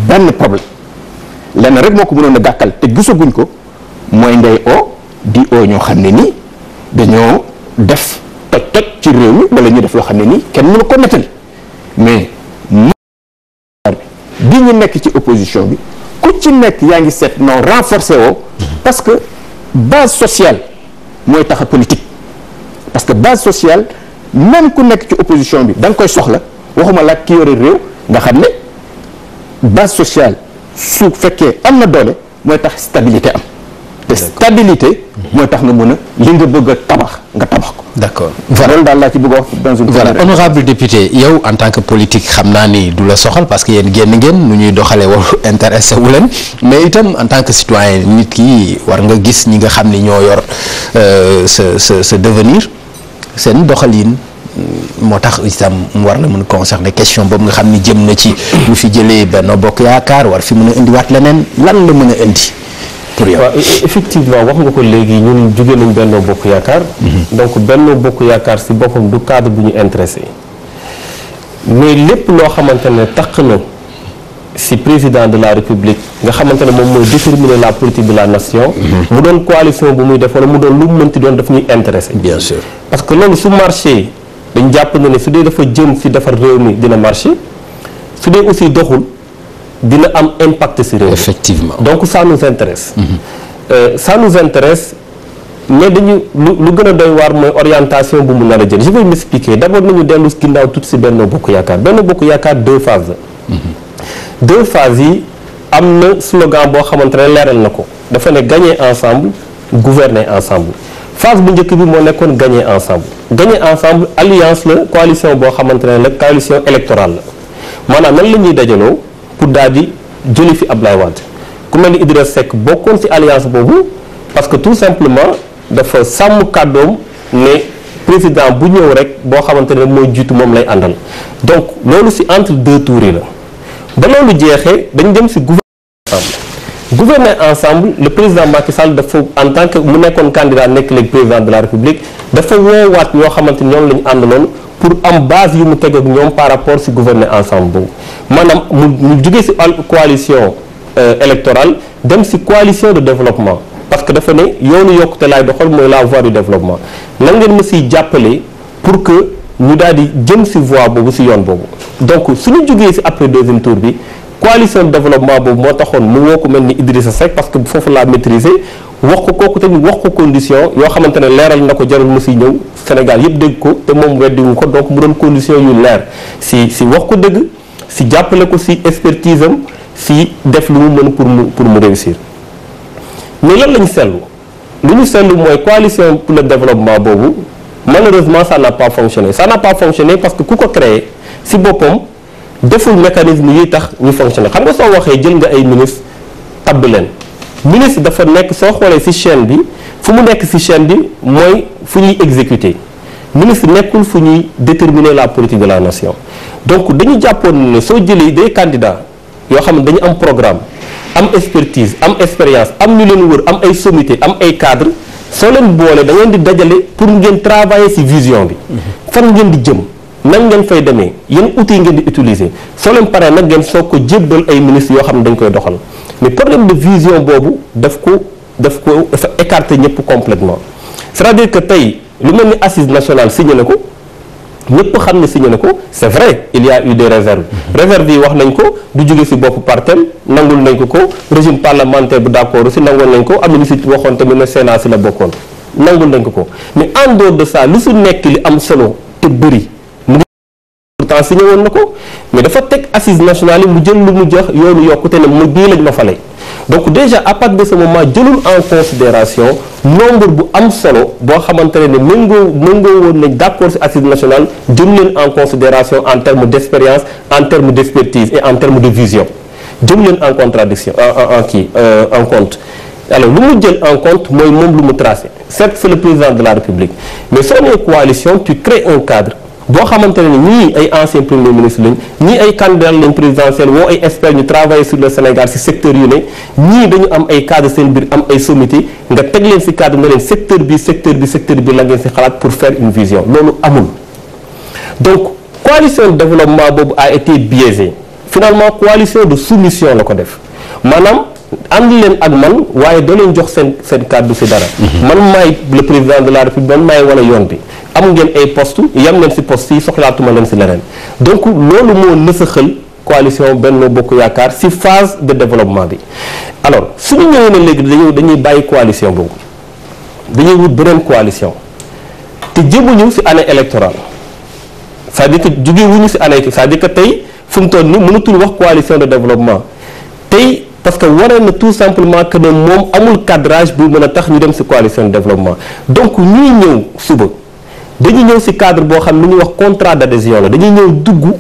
benn problème lenn rek moo ko mënoon a gàkkal te gisaguñ ko mooy ngay oo di oo ñoo xam ne nii dañoo def toj toj ci réew mi wala ñu def loo xam ne nii kenn mënu ko nettali mais bi ñu nekk ci opposition bi ku ci nekk yaa ngi seet non renforcé woo mhm. parce que base sociale mooy tax a politique parce que base sociale même ku nekk ci opposition bi da nga koy soxla waxuma la ki yore réew nga xam ne base sociale su fekkee am na doole mooy tax stabilité am te stabilité mooy tax nga mën a li nga bëgg tabax nga tabax d'accord voilà daal laa ci bëgg wax dans une voilà honorable député yow en tant que politique xam naa ni du la soxal parce que yéen génn ngeen nu ñuy doxalee waru intéressé leen mais itam en tant que citoyen nit ki war nga gis ñi nga xam ni ñoo yor sa sa sa devenir seen doxalin mm, moo tax itam mu war la mën concerner question boobu nga xam ni jëm na ci ñu fi jëlee benn bokk yaakaar war fi mën a indiwaat leneen lan la mën a indi. pour e-, effectivement wax nga ko léegi ñun jóge nañ Benno Bokk Yaakaar. Mhm. donc Benno Bokk Yaakaar si boppam du cadre bu ñu intéressé mais lépp loo xamante ne taq na si président de la république nga xamante ne moom mooy déterminer la politique de la nation. Mhm. mu doon coalition bu muy def wala mu doon lu mu mënti doon def ñuy intéressé. bien parce que loolu su marché dañ jàpp na ne su dee dafa jëm si defar réew mi dina marché su dee aussi doxul. dina am impact ci réew donc ça nous intéresse mhm. euh, ça nous intéresse mais dañu lu gën a doy waar mooy orientation bu mu nar a jël je vais m'expliquer d'abord nañu dellu ginnaaw tuuti si Benno Bokk Yaakaar Benno Bokk Yaakaar deux phases la mhm. deux phases yi am na slogan boo xamante ne leeral na ko dafa ne gagner ensemble gouverner ensemble phase bu njëkk bi moo nekkoon gagner ensemble gagner ensemble alliance la coalition boo xamante ne la coalition électorale la maanaam nan la ñuy dajaloo pour daal di jëli fi Abdoulaye Wade ku mel ni Idrissa Seck bokkoon ci alliance boobu parce que tout simplement dafa sàmm kàddoom ne président bu ñëw rek boo xamante ne mooy jiitu moom lay àndal donc loolu ci entre deux tours yi la ba loolu jeexee dañ dem ci gouvernement gouverner ensemble le président Macky Sall dafa en tant que mu nekkoon candidat nekk léegi président de la République dafa woowaat ñoo xamante ñoom la ñu àndaloon pour am base yu mu teg ak ñoom par rapport si gouverner ensemble boobu maanaam mu mu jógee si coalition euh, électorale dem si coalition de développement parce que dafa ne yoonu yokkute laay doxal mooy la voie du développement lan ngeen ma siy jàppale pour que ñu daal di jëm si voie boobu si yoon boobu donc suñu jógee si après deuxième tour bi coalition développement boobu moo taxoon mu woo ko mel ni Idrissa Seck parce que foofu laa maîtriser wax ko kooku tamit wax ko condition yoo xamante ne leeral na ko jarul mu si ñëw Sénégal yëpp dégg ko te moom weddiwu ko donc mu doon condition yu leer si si wax ko dëgg si jàppale ko si expertise am si def lu mu mën pour mu pour mu réussir mais lan lañ seetlu lu ñu seetlu mooy coalition pour le développement boobu malheureusement ça n'a pas fonctionné ça n'a pas fonctionné parce que ku ko créé si boppam deful mécanisme yuy tax ñu fonctionner xam nga soo waxee jël nga ay ministre tabb leen ministre dafa nekk soo xoolee ci chaîne bi fu mu nekk ci chaîne bi mooy fu ñuy exécuter ministre nekkul fu ñuy déterminer la politique de la nation donc dañu jàppoon ne soo jëlee des candidats yoo xam ne dañu am programme am expertise am expérience am ñu leen wër am ay sommité am ay cadre soo leen boole da ngeen di dajale pour ngeen travailler ci vision bi mhm. fan ngeen di jëm nan ngeen fay demee yan outils ngeen di utiliser soo leen paree nag ngeen soog ko jébbal ay ministres yoo xam ne dañ koy doxal mais problème de vision boobu daf ko daf ko dafa écarter ñëpp complètement de à que tey lu mel ni assise nationale signé ne ko ñëpp xam ne ñu ne ko c'est vrai il y a eu des réserves mmh. réserves yi wax nañ ko du jóge si bopp partem nangul nañ ko ko régime parlementaire bu d'accord ci nangoon nañ ko am na ñu ci waxoon tamit ne Sénat ci la nañ ko ko mais en dehors de ça lu ci nekk li am solo te bëri pourtant signé na ko mais dafa teg assise nationale yi mu jël lu mu jox yoonu yokkute ne mu bii lañ ma fale donc déjà à partir de ce moment jëlul en considération nombre bu am solo boo xamante ne méngoo méngoo woon nañ d'accord ci assise nationale jël leen en considération en termes d'expérience en termes d'expertise et en termes de vision jël leen en contradiction en en kii euh, en compte alors lu mu jël en compte mooy moom lu mu tracé certes c'est le président de la République mais soo nee coalition un cadre boo xamante ne ñii ay ancien premier ministre lañ ñii ay candidat lañ présidentiel woo ay experts ñu travailler sur le Sénégal si secteur yu ne ñii dañu am ay cadre seen biir am ay sommité nga teg leen si cadre nga leen secteur bi secteur bi secteur bi la ngeen si xalaat pour faire une vision loolu amul donc coalition de développement boobu a été biaisée finalement coalition de soumission la ko def maanaam ànd leen ak man waaye doo leen jox seen seen kàddu si dara. Mm-hmm. man maay le président de la république man maay wane yoon bi am ngeen ay poste yam leen si post yi soxlaatuma leen si leneen donc loolu moo nësaxal coalition benn Bokk Yaakaar si phase de développement bi alors suñu ñëwee ne léegi dañuy dañuy bàyyi coalition boobu dañuy wut beneen coalition te jëmuñu si année électorale c'est-à-dire que jóge wuñu si année c'est-à-dire tey fu mu toll nii mënatul wax coalition de développement tey parce que waree na tout simplement que ne moom amul cadrage bu mën a tax ñu dem ci coalition de développement donc ñuy ñëw suba dañuy ñëw ci cadre boo xam lu ñuy wax contrat d'adhésion la dañuy ñëw dugg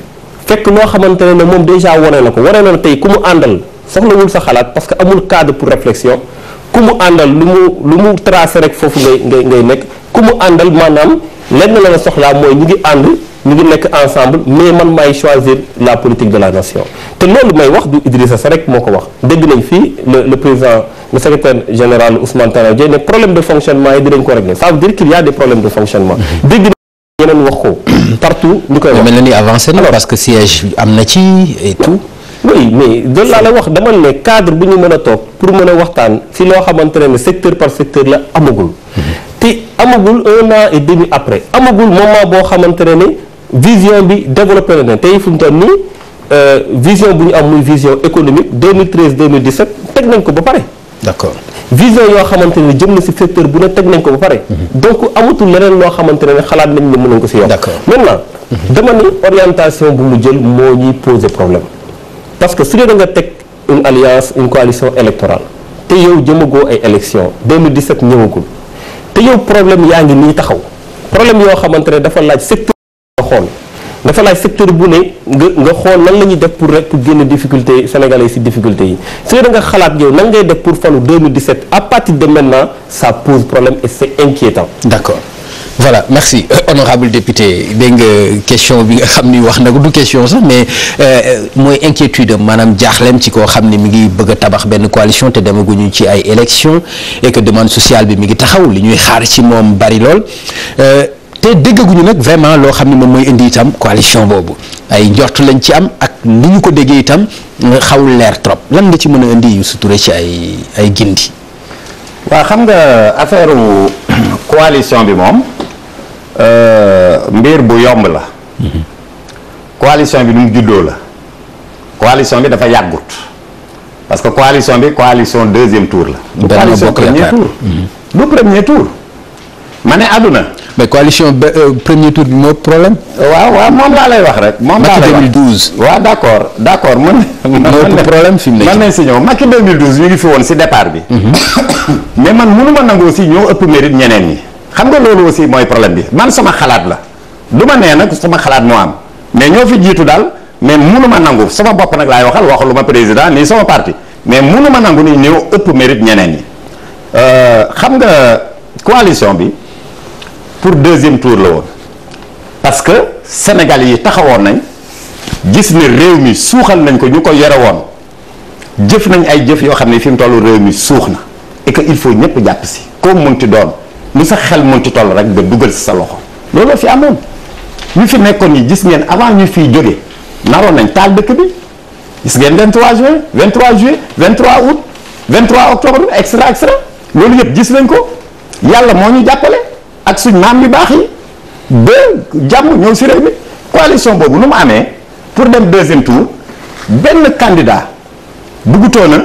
fekk loo xamante ne moom déjà waree na ko waree na tey ku mu àndal soxlawul sa xalaat parce que amul cadre pour réflexion ku mu àndal lu mu lu mu tracé rek foofu ngay ngay ngay nekk ku mu àndal maanaam lenn la la soxlaa mooy ñu ngi ànd. ñu ngi nekk ensemble mais man maay choisir la politique de la nation te loolu may wax du Idrissa Seck rek moo ko wax dégg nañ fii le président le secrétaire général Ousmane Tanor Dieng ne problème de fonctionnement yi dinañ ko régler ça veut dire qu'il y a des de fonctionnement dégg nañ wax ko partout ñu koy wax mel na ni avancé na parce que siège am na ci et tout oui mais doolu laa la wax dama ne cadre bu ñu mën a toog pour mën a waxtaan si loo xamante ne secteur par secteur la amagul te amagul un an et amagul moment boo xamante ne vision bi développé na ne tey fi mu toll nii euh, vision bu ñu am muy vision économique 2013 2017 teg nañ ko ba pare. d'accord vision yoo xamante ne jëm na ci secteur bu ne teg nañ ko ba pare. Mhm. donc amatul leneen loo xamante ne xalaat nañ ne mën nañ ko ci yokk. d'accord maintenant. Mhm. dama ni orientation bu mu jël moo ñuy poser problème parce que su dee da nga teg une alliance une coalition électorale te yow jëmagoo ay élections 2017 ñëwagul te yow problème yaa ngi nii taxaw problème yoo xamante ne dafa laaj secteur. nga xool dafa laaj secteur bu ne nga xool nan la ñuy def pour rek pour génn difficulté sénégalais si difficulté yi su dee da nga xalaat yow nan ngay def pour falu 2017 à partir de maintenant ça pose problème et c'est inquiétant. d'accord. voilà merci euh, honorable député dégg nga question bi nga xam ni wax na ko du question sax mais euh, mooy inquiétude am maanaam jaaxlem ci ko xam ni mi ngi bëgg a tabax benn coalition te demaguñu ci ay élections et que demande sociale bi mi ngi taxaw li ñuy xaar ci moom bari lool. Euh, te déggaguñu nag vraiment loo xam ne moom mooy indi itam coalition boobu ay njort lañ ci am ak ni ñu ko déggee itam xawul leer trop lan nga ci mën a indi yu suturé ci ay ay gindi. waaw xam nga affaire coalition bi moom euh, mbir bu yomb la. Mhm. coalition bi nu mu juddoo la. coalition bi dafa yàggut parce que coalition bi coalition deuxième tour la. du coalition premier tour mhm. du premier tour. ma ne àdduna. mais coalition ba euh, premier tour bi moo problème. waaw waaw moom laa lay wax rek. moom laa lay wax Macky 2012. waaw d' accord d' accord mën. mën problème fi mu ne. mën nañ si ñëw Macky ñu ngi fi woon si départ bi. Mhm. mais man mënu ma nangu aussi ñoo ëpp mérite ñeneen ñi. xam nga loolu aussi mooy problème bi man sama xalaat la du nee nag sama xalaat moo am mais ñoo fi jiitu daal mais mënu ma nangu sama bopp nag laay waxal waxalu ma président nii sama parti mais mënu ma nangu ni ñoo ëpp mérite ñeneen euh, xam nga coalition bi. pour deuxième tour la woon parce que Sénégal yi taxawoon nañ gis ne réew mi suuxal nañ ko ñu ko yore woon jëf nañ ay jëf yoo xam ne fi mu toll réew mi suux na et que il faut ñëpp jàpp si koo munti doon lu sa xel moom munti toll rek nga dugal si sa loxo looloo fi amoon ñu fi nekkoon yi gis ngeen avant ñu fi jóge naroon nañ taal dëkk bi gis ngeen 23 juin 23 juillet 23 août 23 octobre et cetera et cetera loolu yëpp gis nañ ko yàlla moo ñu jàppale. suñ maam bi baax yi ba jàmm ñëw si réew mi coalition boobu nu mu amee pour dem deuxième tour benn candidat buggutoon na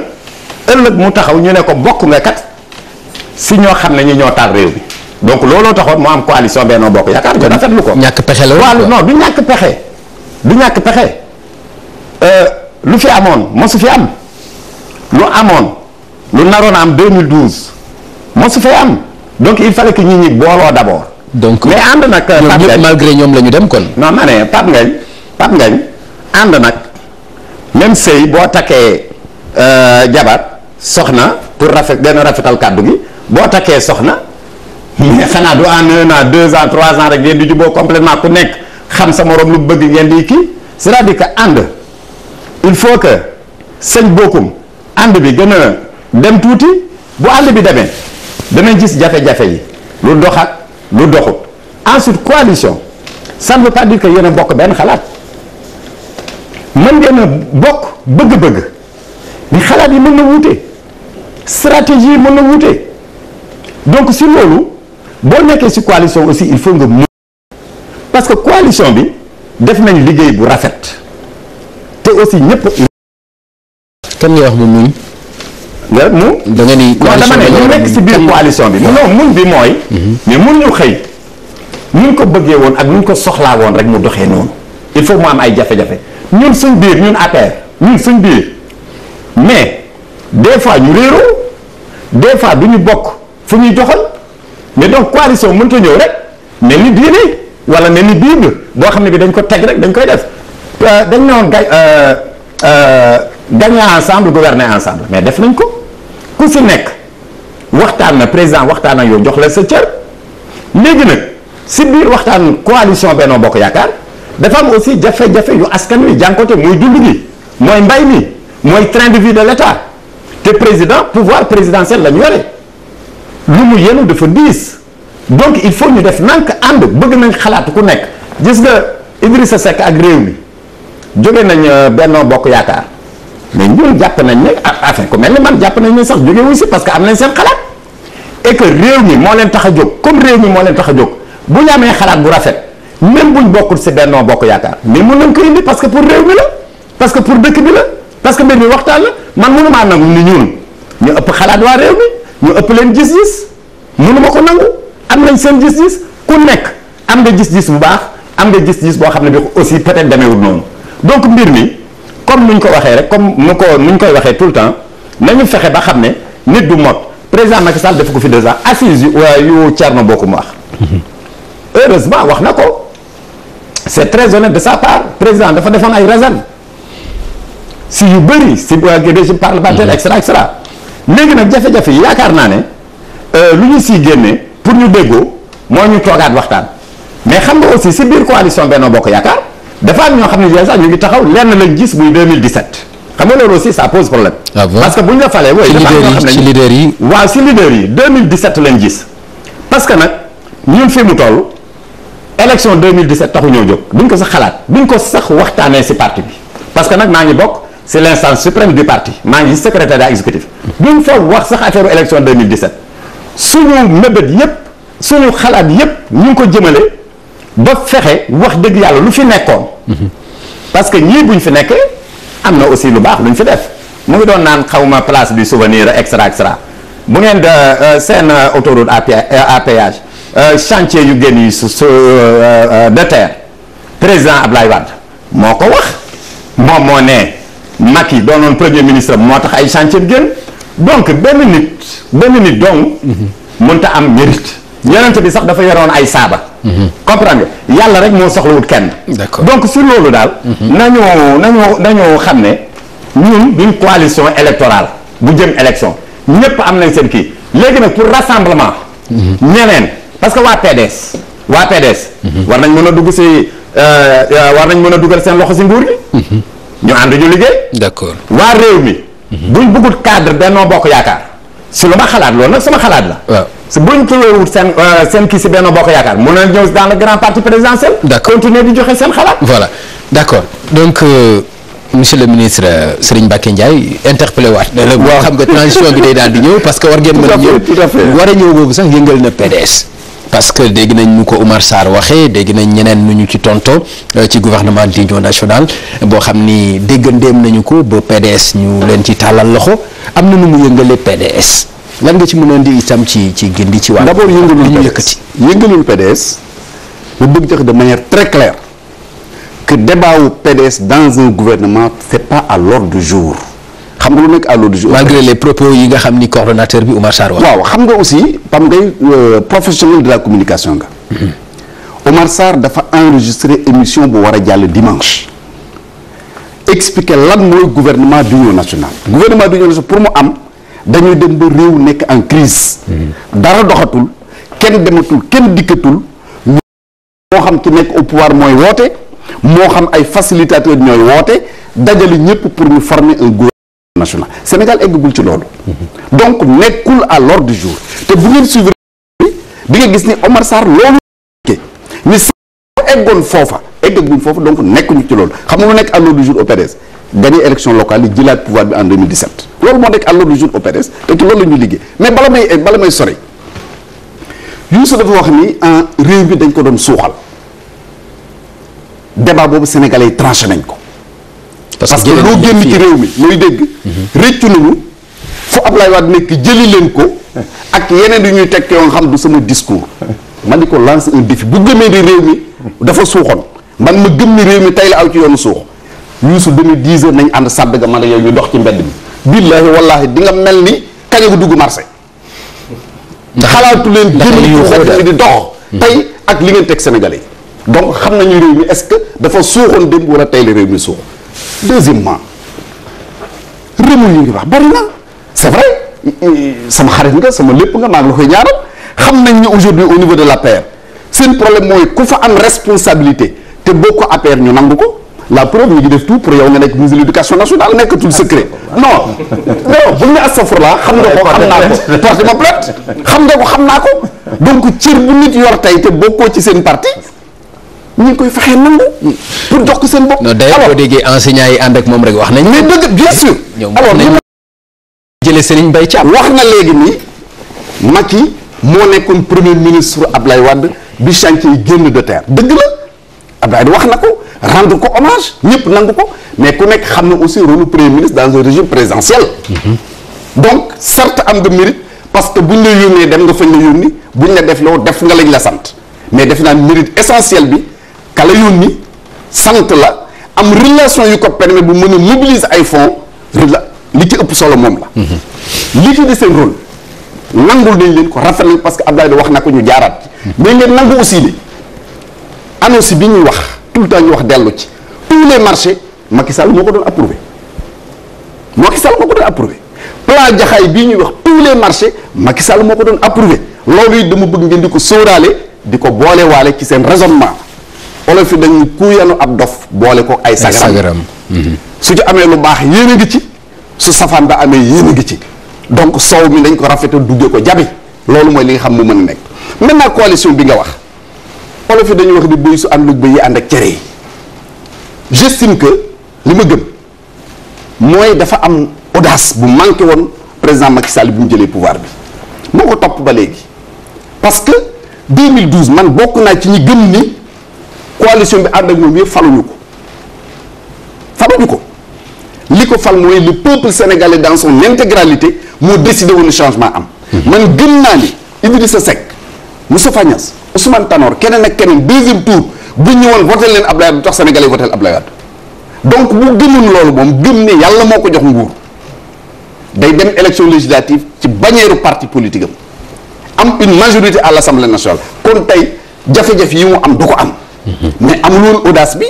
ëllëg mu taxaw ñu ne ko bokk nga kat si ñoo xam ne ñu ñoo taal réew bi donc looloo taxoon moo am coalition Benno Bokk Yaakaar ko rafetlu ko. ñàkk pexe la waaw non du ñàkk pexe du ñàkk pexe euh, lu fi amoon mosu fi am lu amoon lu naroon am 2012 mosu fee am. donc il fallait que nit ñi booloo d' abord. donc mais ànd nag. Pape Ngagne ñoom ñëpp malgré ñoom la ñu dem kon. non ma ne Pape Ngagne Pape Ngagne ànd nag même sëy boo takkee euh, jabar soxna pour rafet benn rafetal kàddu gi boo takkee soxna mais xanaa du en un deux ans trois ans rek ngeen di juboo complètement ku nekk xam sa morom lu bëgg ngeen di kii c' est que ànd il faut que sëñ bokkum ànd bi gën a dem tuuti bu ànd bi demee. danañ gis jafe-jafe yi lu dox ak lu doxut ensuite coalition ça ne pas dire que yéen a bokk benn xalaat mën ngeen bokk bëgg-bëgg ni xalaat yi mën na wuute stratégie yi mën na wuute donc si loolu boo nekkee si coalition aussi il faut nga mu parce que coalition bi def nañu liggéey bu rafet te aussi ñëpp. kan ngay wax moom nga mu. da nga ni coalition bi ne ñu nekk si biir coalition bi. non mun bi mooy. Mhm. mais mun ñu xëy. ni ñu ko bëggee woon ak ni ñu ko soxlaa woon rek mu doxee noonu. il faut mu am ay jafe-jafe ñun suñ biir ñun APR ñun suñ biir mais des fois ñu réeroo des fois du ñu bokk fu ñuy doxal mais donc coalition mënta ñëw rek ne ni diine wala ne ni bible boo xam ne bi dañ ko teg rek dañ koy def. Euh, dañ ne woon gañ euh, euh, gagner ensemble gouverner ensemble mais def nañ ko. ku si nekk waxtaan na président waxtaan na yow jox la sa cër léegi nag si biir waxtaan coalition Benno Bokk Yaakaar dafa am aussi jafe-jafe yu askan wi jànkote mooy dund gi mooy mbay mi mooy train de vie de l'État te président pouvoir présidentiel la ñu yore lu mu yenu dafa diis donc il faut ñu def nank ànd bëgg nañ xalaat ku nekk gis nga Idrissa Seck ak réew mi jóge nañ euh, Benno Bokk Yaakaar mais ñoom jàpp nañ ne affaire ah, ku mel ni man jàpp nañ ne sax jóge wuñ si parce que am nañ seen xalaat et que réew mi moo leen tax a jóg comme réew mi moo leen tax a jóg bu ñu amee xalaat bu rafet même buñ bokkul si Benno Bokk Yaakaar mais mën nañ ko indi parce pour réew la parce que pour dëkk bi la parce que mbir mi waxtaan la man mënumaa nangu ni ñun ñu ëpp xalaat waa réew mi ñu ëpp leen gis-gis mënuma ko nangu am nañ seen gis-gis ku nekk am nga gis-gis bu baax am nga gis-gis boo xam ne bi aussi peut-être demeewul noonu donc mbir mi. comme nuñ ko waxee rek comme nu ko nu ñu koy waxee tout le temps nañu fexe ba xam ne nit du mot président Macky Sall def ko fi deux ans assise yu euh, Thierno Bocoum wax heureusement wax na ko c'est très honnête de sa part président dafa defoon ay raisons si yu bëri si régime euh, parlementaire et cetera et cetera léegi nag jafe-jafe yi yaakaar naa ne euh, lu ñu siy génnee pour ñu déggoo moo ñu toogaat waxtaan mais xam nga aussi si biir coalition Benno Bokk Yaakaar dafa am ñoo xam ne déjà sax ñu ngi taxaw lenn lañ gis muy 2017 xam nga loolu aussi ça pose problème. Ah parce que bu ñu la falee. wooy dafa am ñoo xam ne ci leader yi waaw si leader yi 2017 lañ gis taxu ñoo jóg duñ ko sax xalaat duñ ko sax waxtaanee si parti bi parce que nag maa ngi bokk c' est l' instance suprême du parti maa ngi secrétariat exécutif duñ fa wax sax affaire élection 2017 suñu mébét yépp suñu xalaat yépp ñu ngi ko jëmale. ba fexe wax dëgg yàlla lu fi nekkoon. parce que ñii buñ fi nekkee am na aussi lu baax luñ fi def mu ngi doon naan xawma place du souvenir extra extra bu ngeen de euh, seen euh, autoroute à euh, péage chantier yu génn yi su de terre président Ablaye Wade moo ko wax moom moo ne Macky doonoon premier ministre moo tax ay chantier génn donc benn nit benn nit dong mhm. mënta am mérite yonent bi sax dafa yoroon ay saaba. comprendre nga yàlla rek moo soxlawut kenn. d'accord donc si loolu daal. nañoo mhm. nañoo nañoo xam ne ñun duñ coalition électoral bu jëm élection ñëpp am nañ seen kii léegi nag pour rassemblement. ñeneen mhm. parce que waa PDS. waa PDS. Mhm. war nañ mën a dugg si euh, euh, war nañ mën a dugal seen loxo si nguur gi. ñu ànd ñu liggéey. d'accord waa réew mi. buñ bëggut cadre Benno Bokk Yaakaar. su lu ma xalaat loolu nag sama xalaat la. waaw si buñ tëjee seen euh, seen kii si benn bokk yaakaar mun na ñëw dans le grand parti présidentiel. d'accord continuer di joxe seen xalaat. voilà d'accord donc. Euh... monsieur le ministre euh, Serigne Mbacké Ndiaye interpellé waat ne la. waaw xam nga transition bi day daal di ñëw parce que war ngeen mën ñëw. war a ñëw boobu sax yëngal na PDS. parce que dégg nañ ñu ko Oumar Sarr waxee dégg nañ ñeneen nu ñu ci tonto euh, ci gouvernement d'union nationale boo xam ni déggandeem nañu ko ba PDS ñu leen ci tàllal loxo am na nu mu yëngale PDS lan nga ci mën a indi itam ci ci gindi ci wàllu. d'abord yëngalul ñu yëkkati yëngalul PDS mu bëgg jox de manière très claire que débat wu PDS dans un gouvernement c'est pas à l'ordre du jour. xam nga lu nekk à l'ordre du les propos yi nga xam ni coordonnateur bi Oumar Sarr wax. waaw xam nga aussi pam Ngaye euh, professionnel de la communication nga. Mm-hmm. Oumar Sarr dafa enregistré émission bu war a jàll dimanche. expliquer lan mooy gouvernement d'union nationale. gouvernement d'union nationale pour mu am dañuy dem ba réew nekk en crise mm-hmm. dara doxatul kenn dematul kenn dikkatul. moo xam ki nekk au pouvoir mooy woote moo xam ay facilitateurs ñooy woote dajal ñëpp pour ñu former un national Sénégal eggagul ci loolu donc nekkul à l'ordre du jour te bu ngeen suivre nga gis ni Omar Sarr loolu ni s eggoon foofa eggaguñ foofa donc nekkuñu ci loolu xam nga lu nekk à l'ordre du jour au PDS gagner élection locale yi jëlaat pouvoir bi en 2017 loolu moo nekk à l'ordre te ci loolu la liggéey mais bala may bala may sori Youssou dafa wax ni en réew bi dañ ko doon suuxal débat boobu sénégalais yi tranché nañ ko parce que loo génn ci réew mi muy dégg réccu nañu fu Ablaye Wade nekk jëli leen ko ak yeneen yu ñuy teg yoo nga xam du sama discours man di ko lance un défi bu gëmee di réew mi dafa suuxoon man ma gëm ni réew mi tey la aw ci yoonu suux yuusu demi dix heures nañ ànd sàdd ga man a yow ñu dox ci mbedd bi billaahi wallaahi di nga mel ni kaña gu dugg marché xalaatu leen génn ci di dox hmm. tey ak li ngeen teg sénégalais yi donc xam nañu réew mi est-ce que dafa suuxoon démb wala tey la réew mi suux deuxièmement remous yi ngi wax bari na c'est vrai sama xarit nga sama lépp nga maa ngi la koy ñaaral xam nañ ne aujourd'hui au niveau de la l'APR seen problème mooy ku fa am responsabilité te boo ko APR ñu nangu ko la preuve ñu ngi def tout pour yow nga nekk ministre de l'éducation nationale nekkatul secret non non bu ñu ne astafurlaa xam xam naa ko porte ma plainte xam nga ko xam naa ko donc cër bu nit yor tey te bokkoo ci seen parti ñu ngi koy fexee nangu. pour jox ko seen bopp. alors non d'ailleurs moom rek wax nañ. mais dëgg bien sûr. ñoom wax nañ jëlee Serigne Mbaye Thiam. wax na léegi nii Macky moo nekkoon premier ministre Ablaye Wade bi chantier yi génn de terre dëgg la Ablaye wax na ko rendre ko hommage ñëpp nangu ko mais ku nekk xam ne aussi rôle premier ministre dans un régime présidentiel. Mm-hmm. donc certes am nga mérite parce que buñ la yónnee dem nga fañ la yónni buñ la def loo def nga lañ la sant mais def naa mérite essentiel bi. kala yónni sant la am relation yu ko permet bu mën a mobiliser ay fonds li ci ëpp solo moom la. Mhm. li ci di seen rôle nangul nañ leen ko rafet nañ parce que Abdoulaye da wax na ko ñu jaaraat. Mhm. mais ngeen nangu aussi ni annonce bi ñuy wax tout le temps ñu wax dellu ci tous les marchés Macky Sall moo ko doon approuvé Macky Sall moo ko doon approuvé plan jaxaay bii ñuy wax tous les marchés Macky Sall moo ko doon approuvé loolu it dama bëgg ngeen di ko sóoraale di ko boolewaale ci seen raisonnement. olof yi dañu ku yanu ab dof boole ko ay sagaram mhm. su ci amee lu baax yéen a ngi ci su safaan ba amee yéen a ngi ci donc soow mi dañ ko rafetal duggee ko jabi loolu mooy li nga xam mu mën a nekk maintenant coalition bi nga wax olof yi dañuy wax ni bëy su àndul bëy yi ànd ak cere yi j'estime que li ma gëm mooy dafa am audace bu manqué woon président Macky Sall bi mu jëlee pouvoir bi moo ko topp ba léegi parce que 2012 man bokk naa ci ñi gëm ni coalition bi ànd ak moom yëpp faluñu ko faluñu ko li ko fal mooy le peuple sénégalais dans son intégralité moo décidé woon changement am. man gëm naa ni Idrissa Seck Moustapha Niasse Ousmane tanoor keneen ak keneen deuxième tour bu ñëwoon voté leen Abdoulaye Wade tax sénégalais voté Abdoulaye Wade donc bu gëmoon loolu moom gëm ne yàlla moo ko jox nguur day dem élection législative ci bannière parti politique am am une majorité à l' nationale kon tey jafe yi am du ko am. mais amul woon audace bi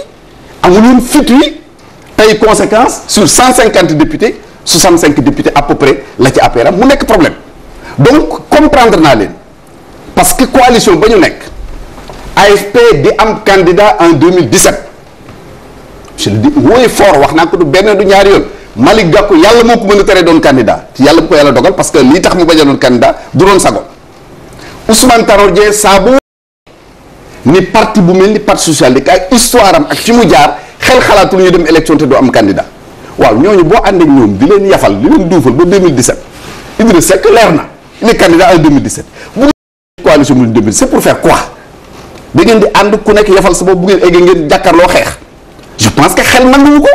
amul woon fit wi tey conséquence sur cent cinquante députés soixante cinq députés à peu près la ci APR am mu nekk problème donc comprendre naa leen parce que coalition ba ñu nekk AFP di am candidat en 2017 je le dis wooy fort wax naa ko du benn du ñaari yoon Malick Gakou yàlla moo ko mën a teree doon candidat yàlla bu ko yàlla dogal parce que lii tax mu bañ a doon candidat du doon sago Ousmane Tanor Dieng ni parti bu mel ni parti socialiste ak histoire am ak fi mu jaar xel xalaatul ñu dem élection te doo am candidat waaw ñooñu boo ànd ak ñoom di leen yafal di leen duufal ba 2017 Idrissa Seck leer na il est candidat en 2017 bu ngeen coalition bu 2017 c'est pour faire da ngeen di ànd ku nekk yafal sa bopp bu ngeen eggee ngeen jàkkaarloo xeex je pense que xel nanguwu ko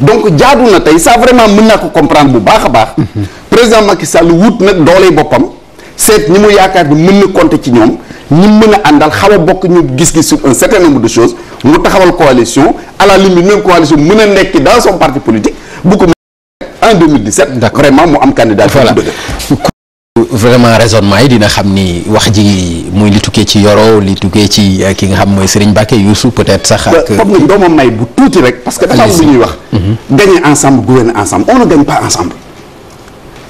donc jaadu na tey ça vraiment mën naa ko comprendre bu baax a baax mm-hmm. président Macky Sall wut nag dooley boppam. seet ñi mu yaakaar bi mën na compter ci ñoom ñi mën a àndal xaw bokk ñu gis-gis sur un certain nombre de choses mu taxawal coalition à la limite même coalition mën a nekk dans son parti politique bu ko en 2017. d'accord vraiment mu am candidat. voilà vraiment raisonnement yi dina xam ni wax ji muy li tukkee ci Yoro li tukkee ci euh, ki nga xam mooy Serigne Mbacké Youssou peut-être sax ak. foog nga doo ma may bu tuuti rek. parce que dafa am lu ñuy wax. Mhm. gagner ensemble gouverner ensemble on ne gagne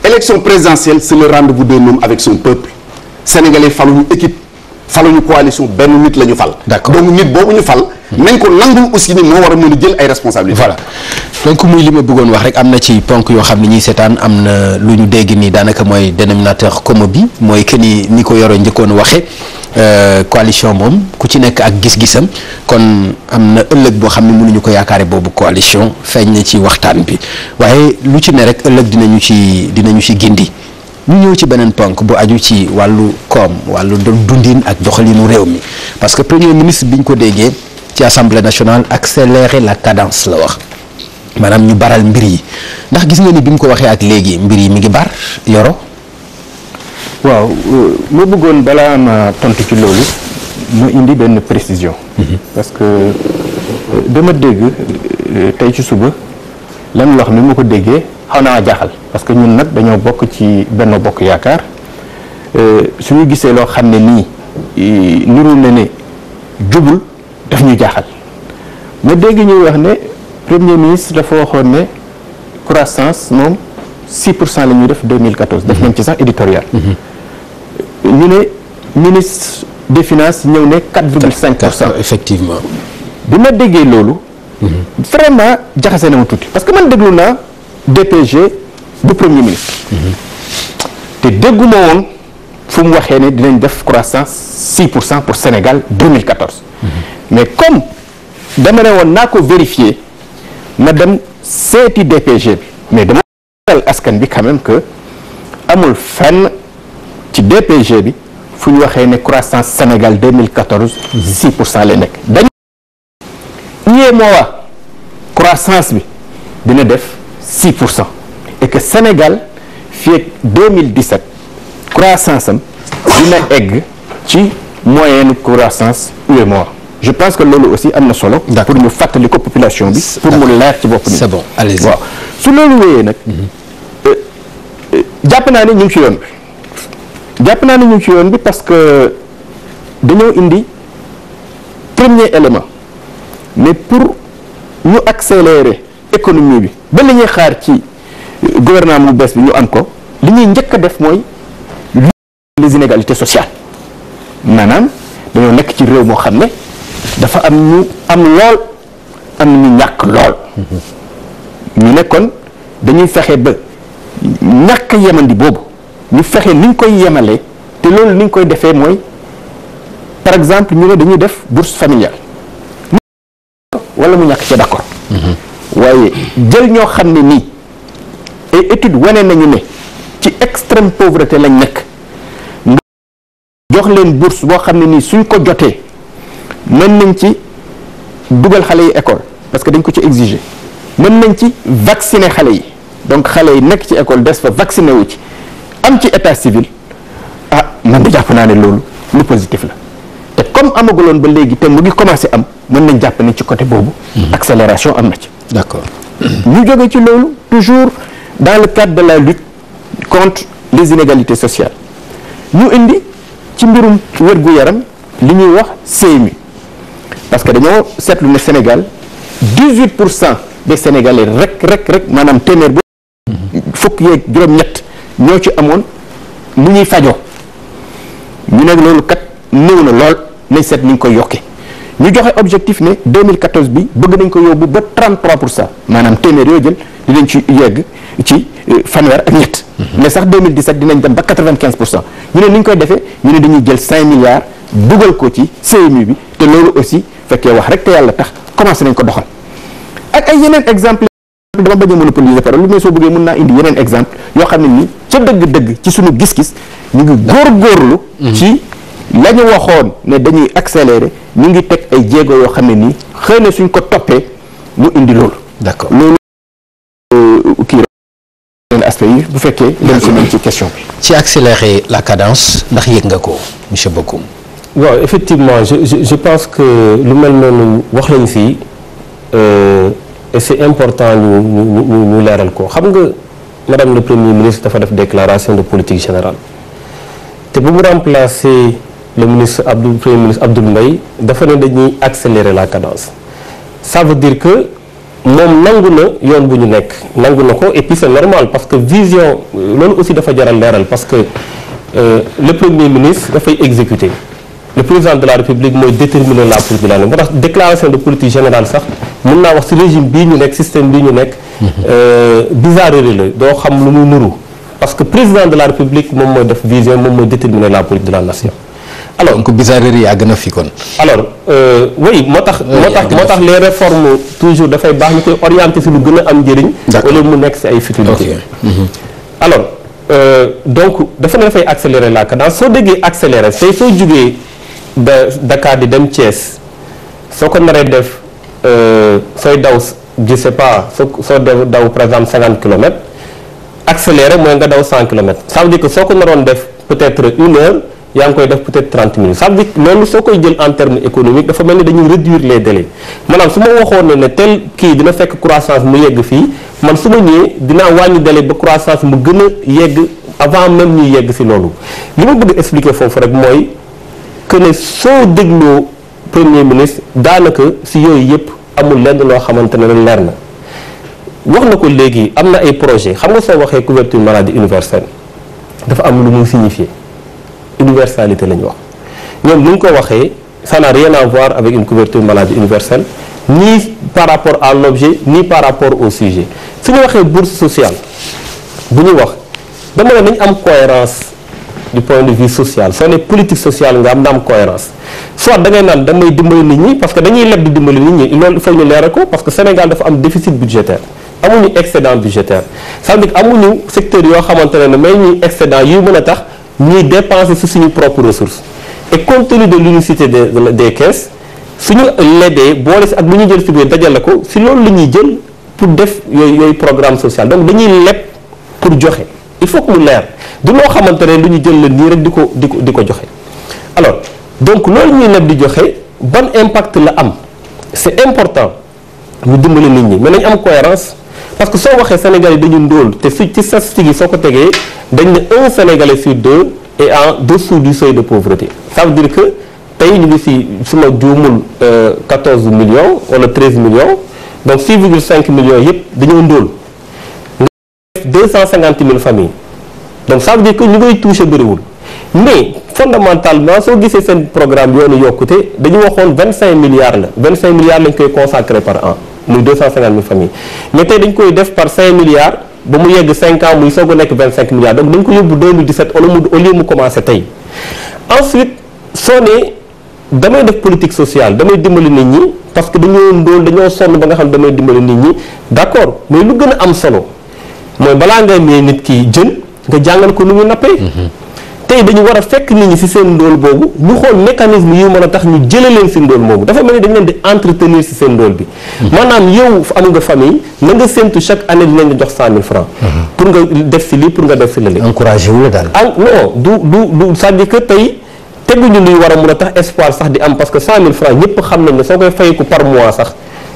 élection présidentielle c'est le rendez-vous d'un homme avec son peuple sénégalais faluñu équipe faluñu coalition benn nit la ñu fal. d'accord donc nit boobu ñu fal. nañ ko nangul aussi ni moo war a mën a jël ay responsabilités. voilà donc muy li ma bëggoon wax rek am na ci ponk yoo xam ne ñuy seetaan am na lu ñu dégg nii daanaka mooy dénominateur commun bi mooy que ni ni ko yoro njëkkoon waxee. Euh, coalition moom ku ci nekk ak gis-gisam kon am na ëllëg boo xam ne mënuñu ko yaakaare boobu coalition feeñ na ci waxtaan bi waaye lu ci ne rek ëllëg dinañu ci dinañu ci gindi. lu ñëw ci beneen ponk bu aju ci wàllu koom wàllu dundin ak doxalinu réew mi parce que premier ministre bi ñu ko déggee ci assemblée nationale accélérer la cadence la wax maanaam ñu baral mbir yi ndax gis nga ni bi mu ko waxee ak léegi mbir yi mu ngi bar yoro waaw euh, ma bëggoon balaa ma tontu ci loolu mu indi benn précision mhm. parce que euh, dama dégg euh, tey ci suba lan wax ni ma ko déggee xaw naa jaaxal parce que ñun nag dañoo bokk ci Benno Bokk Yaakaar su euh, suñu gisee loo xam ne nii euh, nirul na ne jubul daf ñu jaaxal ma dégg ñuy wax ne premier ministre dafa waxoon ne croissance moom 6 pour cent la ñuy def 2014 def nañ ci sax éditorial mm-hmm. euh, ñu ne ministre des finance ñëw ne 4,5 pour cent effectivement bi ma déggee loolu mm-hmm. vraiment jaxase na mu tuuti parce que man déglu naa DPG bu premier ministre. te dégguma woon fu mu waxee ne dinañ def croissance 6 pour cent pour Sénégal 2014. mais comme demane woon naa ko vérifier ma dem seeti DPG bi mais dama askan bi quand même amul fenn ci DPG bi fu ñu waxee ne croissance Sénégal 2014 6 pour cent lay nekk dañu ñee moo wax croissance bi dina def 6 pour cent et que Sénégal fii ak 2017 croissance am dina egg ci moyenne croissance UEMOA je pense que loolu aussi am na solo. pour ñu fàttali ko population bi. pour mu leer ci bopp ni c'est bon allez-y waaw su loolu wéyee nag. Mhm. Euh, euh, jàpp naa ne ñu ngi ci yoon bi jàpp naa ne ñu ngi ci yoon bi parce que dañoo indi premier élément mais pour ñu accélérer. économie bi ba li ñuy xaar ci gouvernement bu bees bi ñu am ko li ñuy njëkk a def mooy les inégalités sociales maanaam dañoo nekk ci réew moo xam ne dafa am ñu am lool am ñu ñàkk lool ñu ne dañuy fexe ba ñàkk yemandi boobu ñu fexe ni koy yemalee te loolu ni koy defee mooy par exemple ñu ne dañuy def bourse familiale wala mu ñàkk ca d'accord mm-hmm. waaye jël ñoo xam ne nii ay étude wane nañu ne ci extrême pauvreté lañ nekk jox leen bourse boo xam ne nii suñ ko jotee mën nañ ci dugal xale yi école parce que dañ ko ci exiger mën nañ ci vacciner xale yi donc xale yi nekk ci école des fa vacciner wu ci am ci état civil ah man de jàpp naa ne loolu lu positif la te comme amaguloon ba léegi te mu ngi commencé am mën nañ jàpp ne ci côté boobu mm-hmm. accélération am na ci d'accord ñu jóge ci loolu toujours dans le cadre de la lutte contre les inégalités sociales ñu indi ci mbirum wér-gu-yaram li ñuy wax CMU parce que dañoo seetlu ne Sénégal 18 pour cent des Sénégalais rek rek rek maanaam téeméer bu fukk yeeg juróom-ñett ñoo ci amoon mu ñuy fajoo ñu nekk loolu kat néew na lool nañ seet ni ñu koy yokkee ñu joxe objectif ne 2014 bi bëgg nañ ko yóbbu ba 33 pour cent maanaam téeméer yoo jël dinañ ci yegg ci euh, fanweer ak ñett. Mhm. mais sax 2017 dinañ dem ba 95 pour cent ñu ne ni ñu koy defee ñu ne dañuy jël milliards dugal ko ci CMU bi te loolu aussi fekkee wax rek te yàlla tax commencé nañ ko doxal ak ay yeneen exemple dama bañ a monopoliser parole mais soo bëggee mën naa indi yeneen exemple yoo xam ne nii ca dëgg-dëgg ci suñu gis-gis ñu ngi la ñu waxoon ne dañuy accélérer ñu ngi teg ay jéego yoo xam ne nii xëy na suñ ko toppee mu indi loolu. d'accord loolu euh, kii leen aspect yi bu fekkee. dem si nañ ci question bi. ci accélérer la cadence ndax yëg nga ko monsieur Bocoum. waaw effectivement je je pense que lu mel noonu wax lañu fii euh, et c'est important ñu ñu ñu ñu leeral ko xam nga madame le premier ministre dafa def déclaration de politique générale te bu mu remplacer. le ministre Abdou premier ministre Abdoul Mbaye dafa ne dañuy accélérer la cadence ça veut dire que moom nangu na yoon bu ñu nekk nangu na ko et puis c'est normal parce que vision loolu aussi dafa jaral leeral parce que euh, le premier ministre dafay exécuter le président de la république mooy déterminer la politique de la moo tax déclaration de politique générale sax mën naa wax ci régime bii ñu nekk système bii ñu nekk mhm. euh, bizarrerie la doo xam lu muy nuru parce que président de la république moom mooy alors donc euh, moo tax. moo tax moo tax les réformes toujours dafay baax ñu koy orienté si lu gën a am njëriñ. d'accord wala mu nekk si ay futilités. Mhm. alors euh, donc dafa ne dafay accélérer la cadence soo déggee accélérer tey soo jugee da Dakar di dem Thiès soo ko naree def euh, sooy daw je sais pas soo soo daw par exemple 50 kilomètres accélérer mooy nga daw 100 kilomètres ça veut dire que soo ko naroon def peut-être une heure. yaa ngi koy def peut-être 30 minutes ça veut dire soo koy jël en terme économique dafa mel ni dañuy réduire les délais maanaam su ma waxoon ne ne tel kii dina fekk croissance mu yegg fii man su ma ñëwee dinaa wàññi délai ba croissance mu gën yegg avant même ñuy yegg si loolu li ma bëgg expliquer foofu rek mooy que ne soo dégloo premier ministre daanaka si yooyu yëpp amul lenn loo xamante ne leer na wax na ko léegi am na ay projet xam nga soo waxee couverture maladie universelle dafa am lu muy signifier universalité la wax ñoom ni ñu ko waxee ça n'a rien à avec une couverture maladie universelle ni par rapport à l'objet ni par rapport au sujet su ñu waxee bourse sociale bu ñu wax dama ne nañu am cohérence du point de vue social soo ne politique sociale nga am na am cohérence soit da ngay naan damay dimbali nit ñi parce que dañuy leb di dimbali nit ñi loolu il faut ñu leeral ko parce que Sénégal dafa am déficit budgétaire amuñu excédent budgétaire yoo xamante a ñuy dépenser su suñu propre ressource et compte tenu de l'unicité des des caisses suñu lebee boole si ak lu ñu jël si dajale ko si loolu la ñuy jël pour def yooyu yooyu programme social donc dañuy leb pour joxe il faut que mu leer du loo xamante ne lu ñu jël la nii rek di ko di ko di ko joxe alors donc loolu ñuy leb di joxe ban impact la am c'est important ñu dimbali nit ñi mais nañ am cohérence parce que soo waxee sénégalais dañu ndóol te su ci statistique yi soo ko tegee dañ ne un sénégalais sur deux est en dessous du seuil de pauvreté ça veut dire que tey ñu ngi si su ma juumul 14 euh, millions wala 13 millions donc 6,5 millions yëpp dañoo ndóol nga def 250 000 familles donc ça veut dire que ñu ngay touché bëriwul mais fondamentalement soo gisee seen programme yoonu yokkute dañu waxoon 25 milliards la 25 milliards lañ koy consacré par an muy 250 000 familles milliards ba mu yegg 5 ans muy soog a nekk 25 milliards donc dañ ko yóbbu 2017 au lieu au lieu mu commencé tey ensuite soo nee damay def politique sociale damay dimbali nit ñi parce que dañoo ndóol dañoo sonn ba nga xam damay dimbali nit ñi d'accord mais lu gën a am solo mooy balaa nga may nit ki jën nga jàngal ko nu ñu nappee mm-hmm. tey dañu war a fekk nit ñi ci seen ndóol boobu ñu xool mécanisme yu mën a tax ñu jëlee leen ci ndóol moomu dafa mel ni dañu leen di entretenir ci seen ndóol bi hmm. maanaam yow am nga famille na nga séntu chaque année dinañ hmm. def ci lii pour nga def ci la lii encouragé wu la daal ah non du du du c'est-à-dire tey teguñu luy war a mën a tax espoir sax di am parce que cent ñëpp xam nañ ne soo koy fayeku par mois sax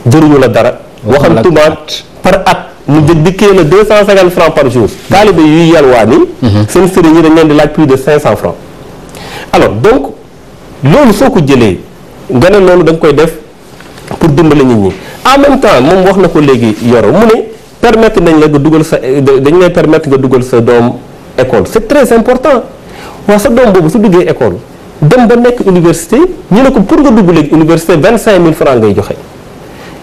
jëruñu la dara waxam tumaat par at mu jë dikkee na deux cent cinquante francs par jour taalibe yuy yalwaani mhm. seen sëriñ yi dañ leen di laaj plus de cinq cent francs alors donc loolu soo ko jëlee nga ne loolu da koy def pour dimbali nit ñi en même temps moom wax na ko léegi yoro mu ne permettre nañ la nga dugal sa dañ lay permettre nga dugal sa doom école c'est très important waaw sa doom boobu su duggee école dem ba nekk université ñu ne ko pour nga dugg léegi université vingt cinq mille francs ngay joxe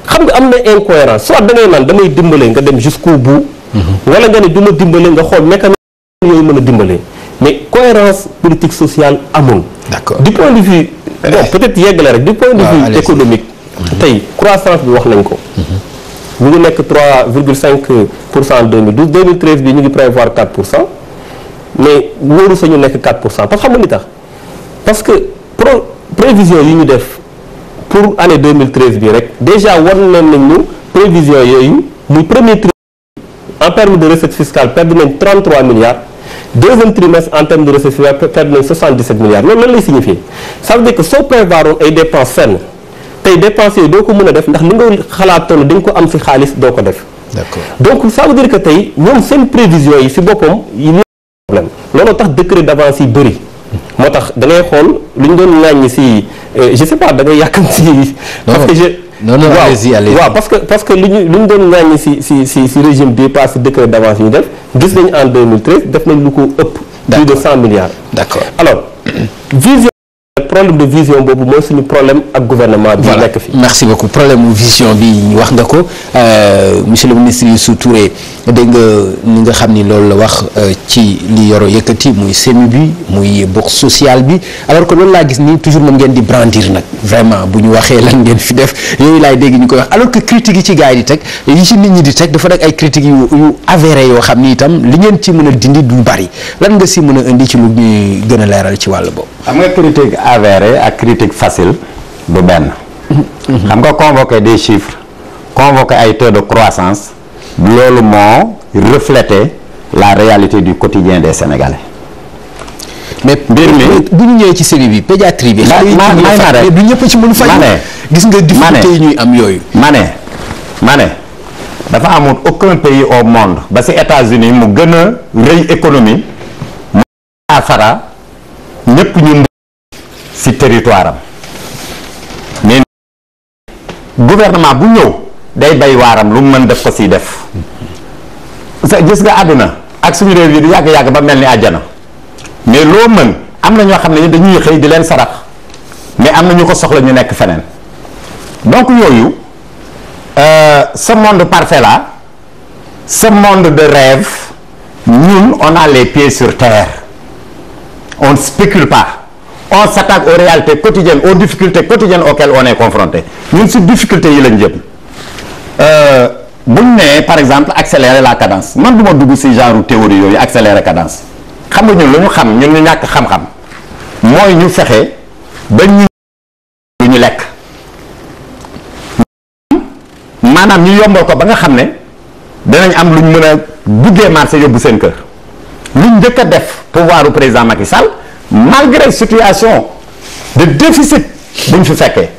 xam nga am na incohérence soit da ngay naan damay dimbalee nga dem jusqu'au bout mhm. wala nga ne du ma dimbale nga xool mécanisme yooyu mën a dimbale mais cohérence politique sociale amul du point de vue bon peut-être yeggale rek du point de vue économique mhm. tey croissance bi wax nañ ko ñu mhm. ngi nekk 3 virgule 5 pour cent en 2012 2013 bi ñu ngi prévoir 4 pour cent mais wóoru sañu nekk 4 pour cent parce que xam nga li tax parce que pro prévision yi ñu def pour année 2013 bi rek déjà wan leen nañ ñu prévision yooyu muy premier trimestre en termes de recette fiscale perdre nañ 33 milliards deuxième trimestre en termes de recette fiscale perdre nañ 77 milliards loolu lan lay signifier ça veut dire que soo prévoiroon ay dépenses fenn tey dépenses doo ko mën a def ndax ni nga xalaatoon di nga ko am si xaalis doo ko def d'accord donc ça veut que tey ñoom seen prévision yi si boppam yi problème looloo tax décret d'avance yi bëri moo tax da ngay xool lu ñu doon ŋàññi si euh, je sais pas da ngay yàkkam si. parce que je non waaw waaw parce que parce que lu ñu lu ñu doon ŋàññi si si si si régime bi passé décret d'avance ñu def gis nañu en def nañ lu ko ëpp. plus de 100 milliards. d'accord alors vision problème de vision boobu mooy suñu problème ak gouvernement bi nekk fi merci beaucoup problème vision bi wax nga ko euh, monsieur le ministre Youssou Touré dégg nga ni nga xam ni loolu la wax euh, ci li yoro yëkkati muy semi bi muy bourse sociale bi alors que loolu laa gis nii toujours moom ngeen di brandir nag vraiment bu ñu waxee lan ngeen fi def yooyu laay dégg ñu koy wax alors que critiques yi ci gars yi di teg yi ci nit ñi di teg dafa nekk ay critiques yu yu avéré yoo xam ni itam li ngeen ci mën a dindi du bari lan nga si mën a indi ci lu ñuy gën a leeral ci wàll boobu avérée ak critique facile du benn xam nga convoquer des chiffres convoquer ay taux de croissance loolu moo refléter la réalité du quotidien des Sénégalais mais mbir mi bu ñëwee ci série bi bi xale yi mais du ñëpp ci mënu gis nga difficulté yi ñuy am yooyu maane ne ne dafa amul aucun pays au monde ba ci États-Unis mu gën a rëy économie mu saafara ñëpp ñu ci territoire am bu ñëw day bay waaram lu mën def ko siy def sa gis nga àdduna ak suñu réew yi du yàgg-yàgg ba mel ni àjjana mais loo mën am na ñoo xam ne dañuy xëy di leen sarax mais am na ñu ko soxla ñu nekk feneen donc yooyu euh, ce monde parfait là ce monde de rêve ñun on a les pieds sur terre on ne spécule on s'attaque aux réalités quotidiennes aux difficultés quotidiennes auxquelles on est confronté ñun si difficulté yi lañ jëm euh, buñ nee par exemple accélérer la cadence man du ma dugg si genre théorie yooyu accélérer cadence xam nga ñun lu ñu xam ñun ñu ñàkk xam-xam mooy ñu fexe ba ñu ñu lekk maanaam ñu yombal ko ba nga xam ne danañ am luñ mën a duggee marché yóbbu seen kër luñ njëkk def pouvoiru président Macky Sall malgré situation de déficit bu ñu fi fekkee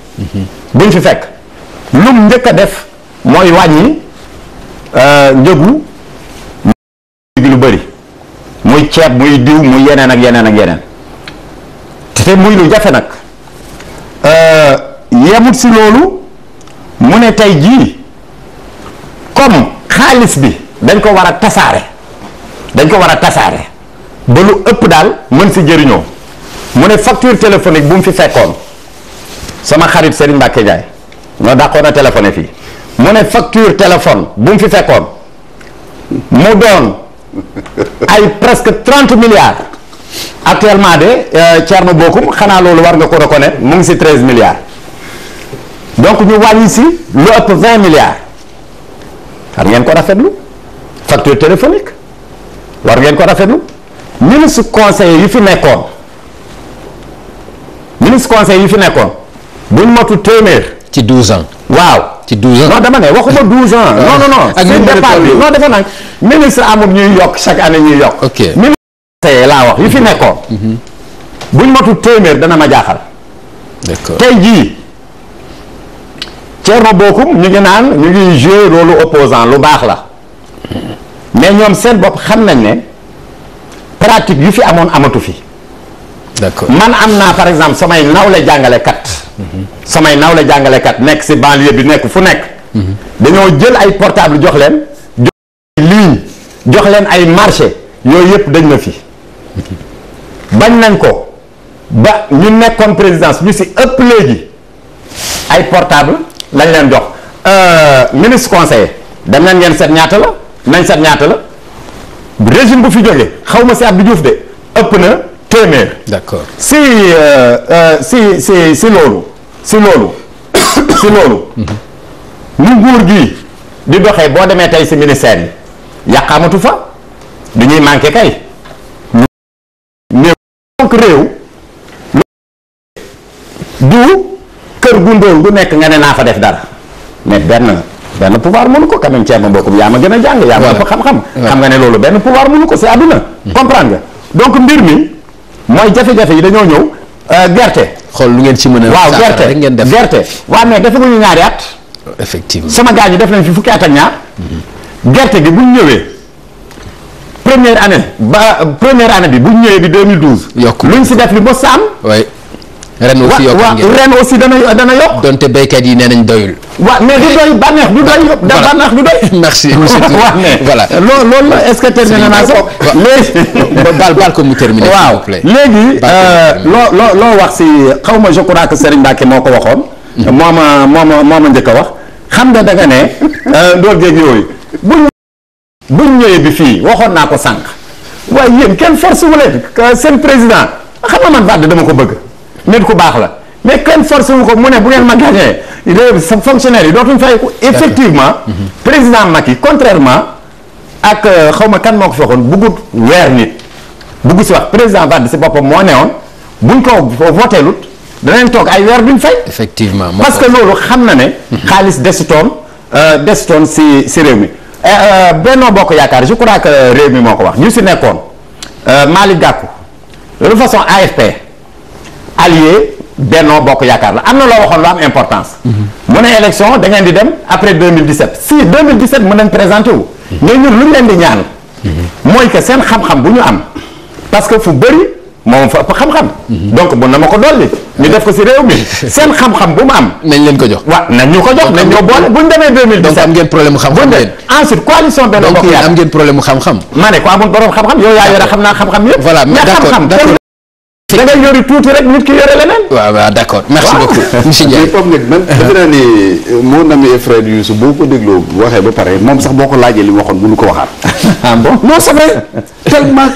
bu ñu fi fekk lu mu njëkk a def mooy wàññi euh, njëgu lu bari muy ceeb muy diw muy yeneen ak yeneen ak yeneen te muy lu jafe nag euh, yemut si loolu mu ne tey jii comme xaalis bi dañ ko war a tasaare dañ ko war a tasaare ba lu ëpp daal mën si jëriñoo mu ne facture téléphonique bu mu fi fekkoon sama xarit seen Mbacke Ndiaye ñoo dàqoon a téléphoné fii mu ne facture téléphone bu mu fi fekkoon mu doon ay presque trente milliards actuellement de euh, Thierno Bocoum xanaa loolu war nga ko reconnaître mu ngi si treize milliards donc ñu wàññi si lu ëpp vingt milliards war ngeen ko rafetlu facture téléphonique war ngeen ko rafetlu. ministre conseil yu fi nekkoon ministre conseil yu fi nekkoon buñ motu téeméer. ci 12 ans. waaw ci 12 ans non dama ne waxuma 12 ans. Ah. non non non ak départ bi non ministre amul ñuy yokk chaque année ñuy yokk. ok ministre conseil laa wax yu fi mhm. nekkoon. Mhm. buñ motu téeméer dana ma jaaxal. d'accord tey jii Thierno Bocoum ñu ngi naan ñu ngi jouer rôle opposant lu baax la mais ñoom seen bopp xam nañ ne. pratique yu fi amoon amatu fi. d'accord man am naa par exemple samay nawle jàngalekat. samay nawle jàngalekat nekk ci banlieue bi nekk fu nekk. dañoo jël ay portable jox leen. jox jox leen ay marché yooyu yëpp dañ na fi. bañ nañ ko ba ñu nekkoon présidence ñu si ëpp léegi ay portable lañ leen jox euh, ministre conseiller dem leen ngeen seet ñaata la nañ seet ñaata la. bu régime bu fi jógee xaw ma si Abdou Diouf de ëpp na téeméer. d'accord si euh, euh, si si si loolu si loolu si loolu. Mhm. nu nguur gi di doxee boo demee tey si ministère yi yàqaamatu fa du ñuy manqué kay. mais réew. du kër gu ndóol gu nekk nga ne naa fa def dara mais benn. benn pouvoir mënu ko quand même Thierno Bocoum yaa ma gën a jàng yaa ma ëpp xam-xam xam nga ne loolu benn pouvoir mënu ko c'est àdduna hmm. comprendre nga donc mbir mi mooy jafe-jafe yi dañoo ñëw euh, gerte xool lu ngeen ci mën a waaw gerte rek ngeen def gerte waaw mais dafa ñu ñaari at effectivement sama gars def nañ fi fukki at ak ñaar hmm. gerte gi buñ ñëwee première anne ba première année bi buñ ñëwee bi 2012 yokk luñ si def li mos sa ren aussi yokk ngeen ren aussi dana dana yokk. donte béykat yi nee nañ doyul. waaw mais du doy bànneex du doy. yëpp da bànneex du doy. merci monsieur voilà loolu loolu ce que terminé naa ko léegi. baal baal ko mu terminé. waaw euh, loo loo wax si xaw ma je crois que Serigne Mbacke moo ko waxoon. Mm-hmm. moom ma moo ma moo ma njëkk a wax. xam nga danga ne. Ndor euh, Dieg yooyu. buñ buñ ñëwee bi fii waxoon naa ko sànq. waaye kenn force wu leen seen président xam nga man Wade dama ko bëgg. nit ku baax la mais kenn force wu ko mu ne bu ngeen ma gagné réew sa fonctionnaire yi dootuñ fay ko effectivement mhm. président mag yi contrairement ak euh, xaw ma kan moo ko fi waxoon bëggut weer nit bëggu si wax président Wade si boppam moo newoon buñ ko voteelut danañ toog ay weer duñ fay effectivement parce que loolu xam na ne mhm. xaalis desutoon euh, desutoon si si réew mi euh, Benno Bokk Yaakaar je crois que réew mi moo ko wax ñu si nekkoon Malick Gakou de toute façon AFP allié Benno Bokk Yaakaar la am na loo waxoon lu am importance. Mhm. mu ne élection da di dem après 2017 si 2017 mën nañ présenté wu. Mhm. mais ñun lu ñu leen di ñaan. Mhm. mooy que seen xam-xam bu ñu am. parce que fu bëri moom fa ëpp xam-xam. donc mën na ma ko dolli. ñu def ko si réew mi seen xam-xam bu mu am. nañ leen ko jox waaw nañ ñu ko jox nañ ñoo boole bu ñu demee 2017. donc am ngeen am ngeen problème xam-xam. maa ko amul borom xam-xam yow yaa da ngay yori tuuti rek nit ki yore leneen. waaw waaw d' merci waxee ba pare moom sax boo ko laajee li mu waxoon mënu ko waxaat. ah bon non c' est vrai tellement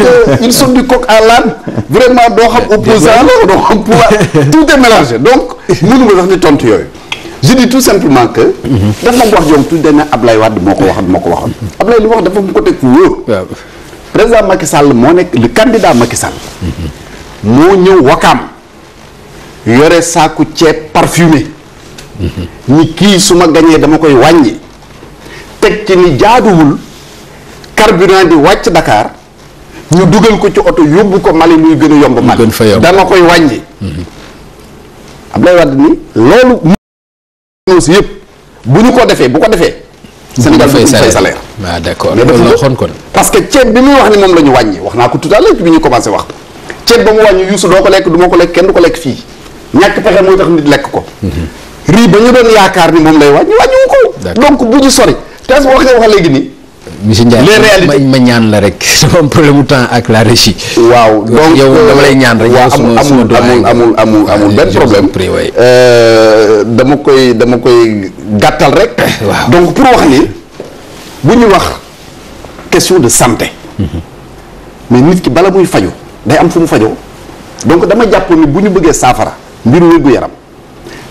la doo xam pouvoir tout est mélangé ma sax ni tontu yooyu. je dis tout simplement que. Mhm. dafa ma wax yow tuuti dañ moo ko waxoon moo ko waxoon. Ablaye li wax dafa mu ko teg fu wóor. président Macky Sall moo nekk le candidat Macky moo ñëw wakaam yore saaku ceeb parfumé ñi kii su ma gañee dama koy wàññi teg ci ni jaaduwul carburant di wàcc dakaar ñu dugal ko ci oto yóbbu ko Mali muy gën a yomb Mali dama koy wàññi mhm. Abdoulaye Wade ni loolu annonce yëpp bu ñu ko defee bu ko defee Sénégal fay salaire waaw ah, d'accord loolu la waxoon kon que ceeb bi muy wax ni moom la wàññi wax naa ko tout à l'heure bi ñu commencé wax ceeb ba mu wàññi yuusu doo ko lekk du ma ko lekk kenn du ko lekk fii ñàkk pexe mooy tax nit lekk ko mhm. riz ba ñu doon yaakaar ni moom lay wàññi wàññiwu ko donc bu ñu sori te léegi nii monsieur Ndiaye ma la rek sama am problème ak la régie waaw donc yow euh, dama lay ñaan rek waaw amul amul amul amul amul benn problème euh, dama koy dama koy gàttal rek waaw donc pour wax ni bu ñu wax question de santé mhm. mais nit ki bala muy faju day am fu mu fajoo donc dama jàpp ni bu ñu bëggee saafara mbiru wérgu yaram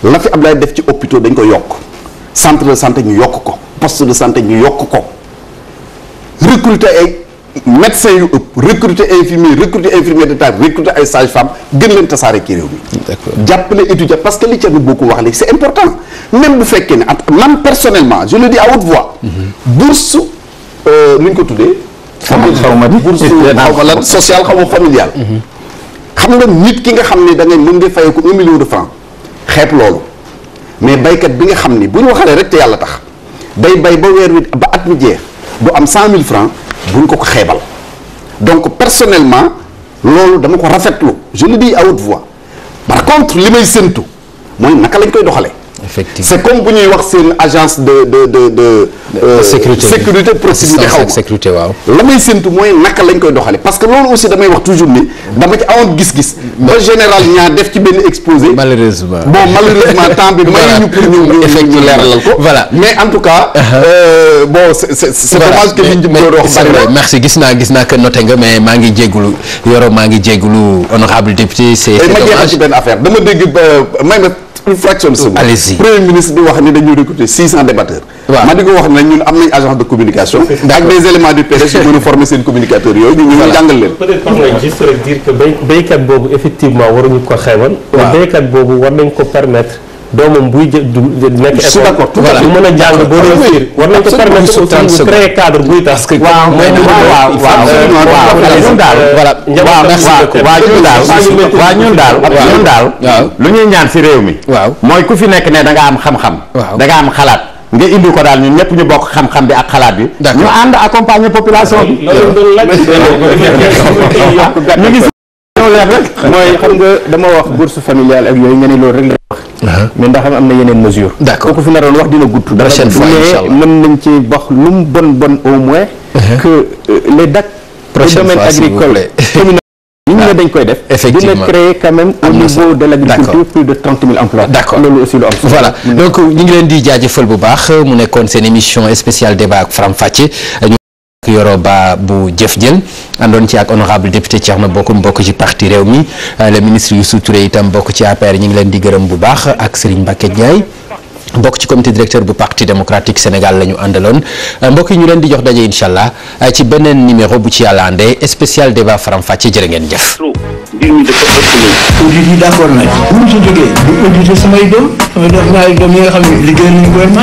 la fi Abdoulaye def ci hôpitaux dañ ko yokk centre de santé ñu yokk ko poste de santé ñu yokk ko recruter ay médecin yu ëpp recruter infirmier de infirmier d'état recruter ay sage femme gën leen tasaare ci réew mi. d'accord jàppale étudiant parce que li Thierno Bocoum wax léegi c'est important même bu fekkee ne man personnellement je le di à haute voix. Mm-hmm. bourse euh, nu ñu ko tuddee. famille xaw ma bourse xaw ma lan social xaw ma familial mhm. xam nga nit ki nga xam ne da ngay mën nga fayee ko un million de francs xeeb loolu mais baykat bi nga xam ni bu ñu waxalee rek te yàlla tax day bay ba weer wi ba at mi jeex du am cent mille francs buñ ko ko xeebal donc personnellement loolu dama ko rafetlu je le dis à haute voix par contre li may séntu mooy naka lañ koy doxalee effectivement c'est comme bu ñuy wax seen agence de de de de. Euh, sécurité sécurité proximité xaw ma sécurité waaw. la may séntu mooy naka lañ koy doxale parce que loolu aussi damay wax toujours ni dama ci awoon gis-gis. ba général ñaar def ci benn exposé. malheureusement bon malheureusement temps bi. voilà ñu pour ñu effectivement ko. voilà mais en tout cas. Uh-huh. Euh, bon c' est c' wax. bari merci gis naa gis naa que noté nga mais maa ngi jégalu Yoro maa ngi jégalu honorable député. c' est dommage ma affaire dama dégg euh, may ma. une fraction de seconde. allez-y premier ministre di wax ni dañu recruter 600 débatteurs. waaw ma di ko wax ne ñun am nañ agence de communication. ak des éléments du PDS yu mën a yooyu. ñu ñu jàngal leen. peut-être boobu effectivement waruñu ko xeebal. waaw béykat boobu war nañ ko permettre. doomam buy jë nekk école bu mën a jàng boo réussir war nañ ko permettre aussi mu créer cadre buy tas waaw waaw ñun daal waaw ñun daal waaw ñun daal lu ñuy ñaan si réew mi waaw mooy ku fi nekk ne danga am xam-xam danga am xalaat nga indi ko daal ñu ñëpp ñu bokk xam-xam bi ak xalaat bi ñu ànd accompagner population bi mooy xam nga dama wax bourse familiale ak yooyu nga ne loolu rek la wax mais ndax am na yeneen mesure d'accord kooku fi naroon wax dina gudd prochaine fois inchallah mais mën nañ ci wax lu mu bon bon au moins que euh, les DAC le domaine agricole communal yi ñu dañ koy def effectivement dina créer quand même au niveau de l'agriculture plus de trente mille emplois d'accord voilà mm. donc ñu ngi leen di jaajëfal bu baax mu nekkoon seen émission spéciale débat ak Faram Facce nekk Yoroba bu jëf jël àndoon ci ak honorable député bokk ci parti euh, bu baax ak Serigne Mbacké Ndiaye mbokk ci comité directeur bu parti démocratique Sénégal la ñu àndaloon euh, mbokk yi ñu leen di jox daje incha allah euh, ci beneen numéro bu ci yàlla àndee spécial débat faram-fàcce jërë ngeen jëf. d' accord nañ. bu ah. ñu ci jógee. bu auditeurs samay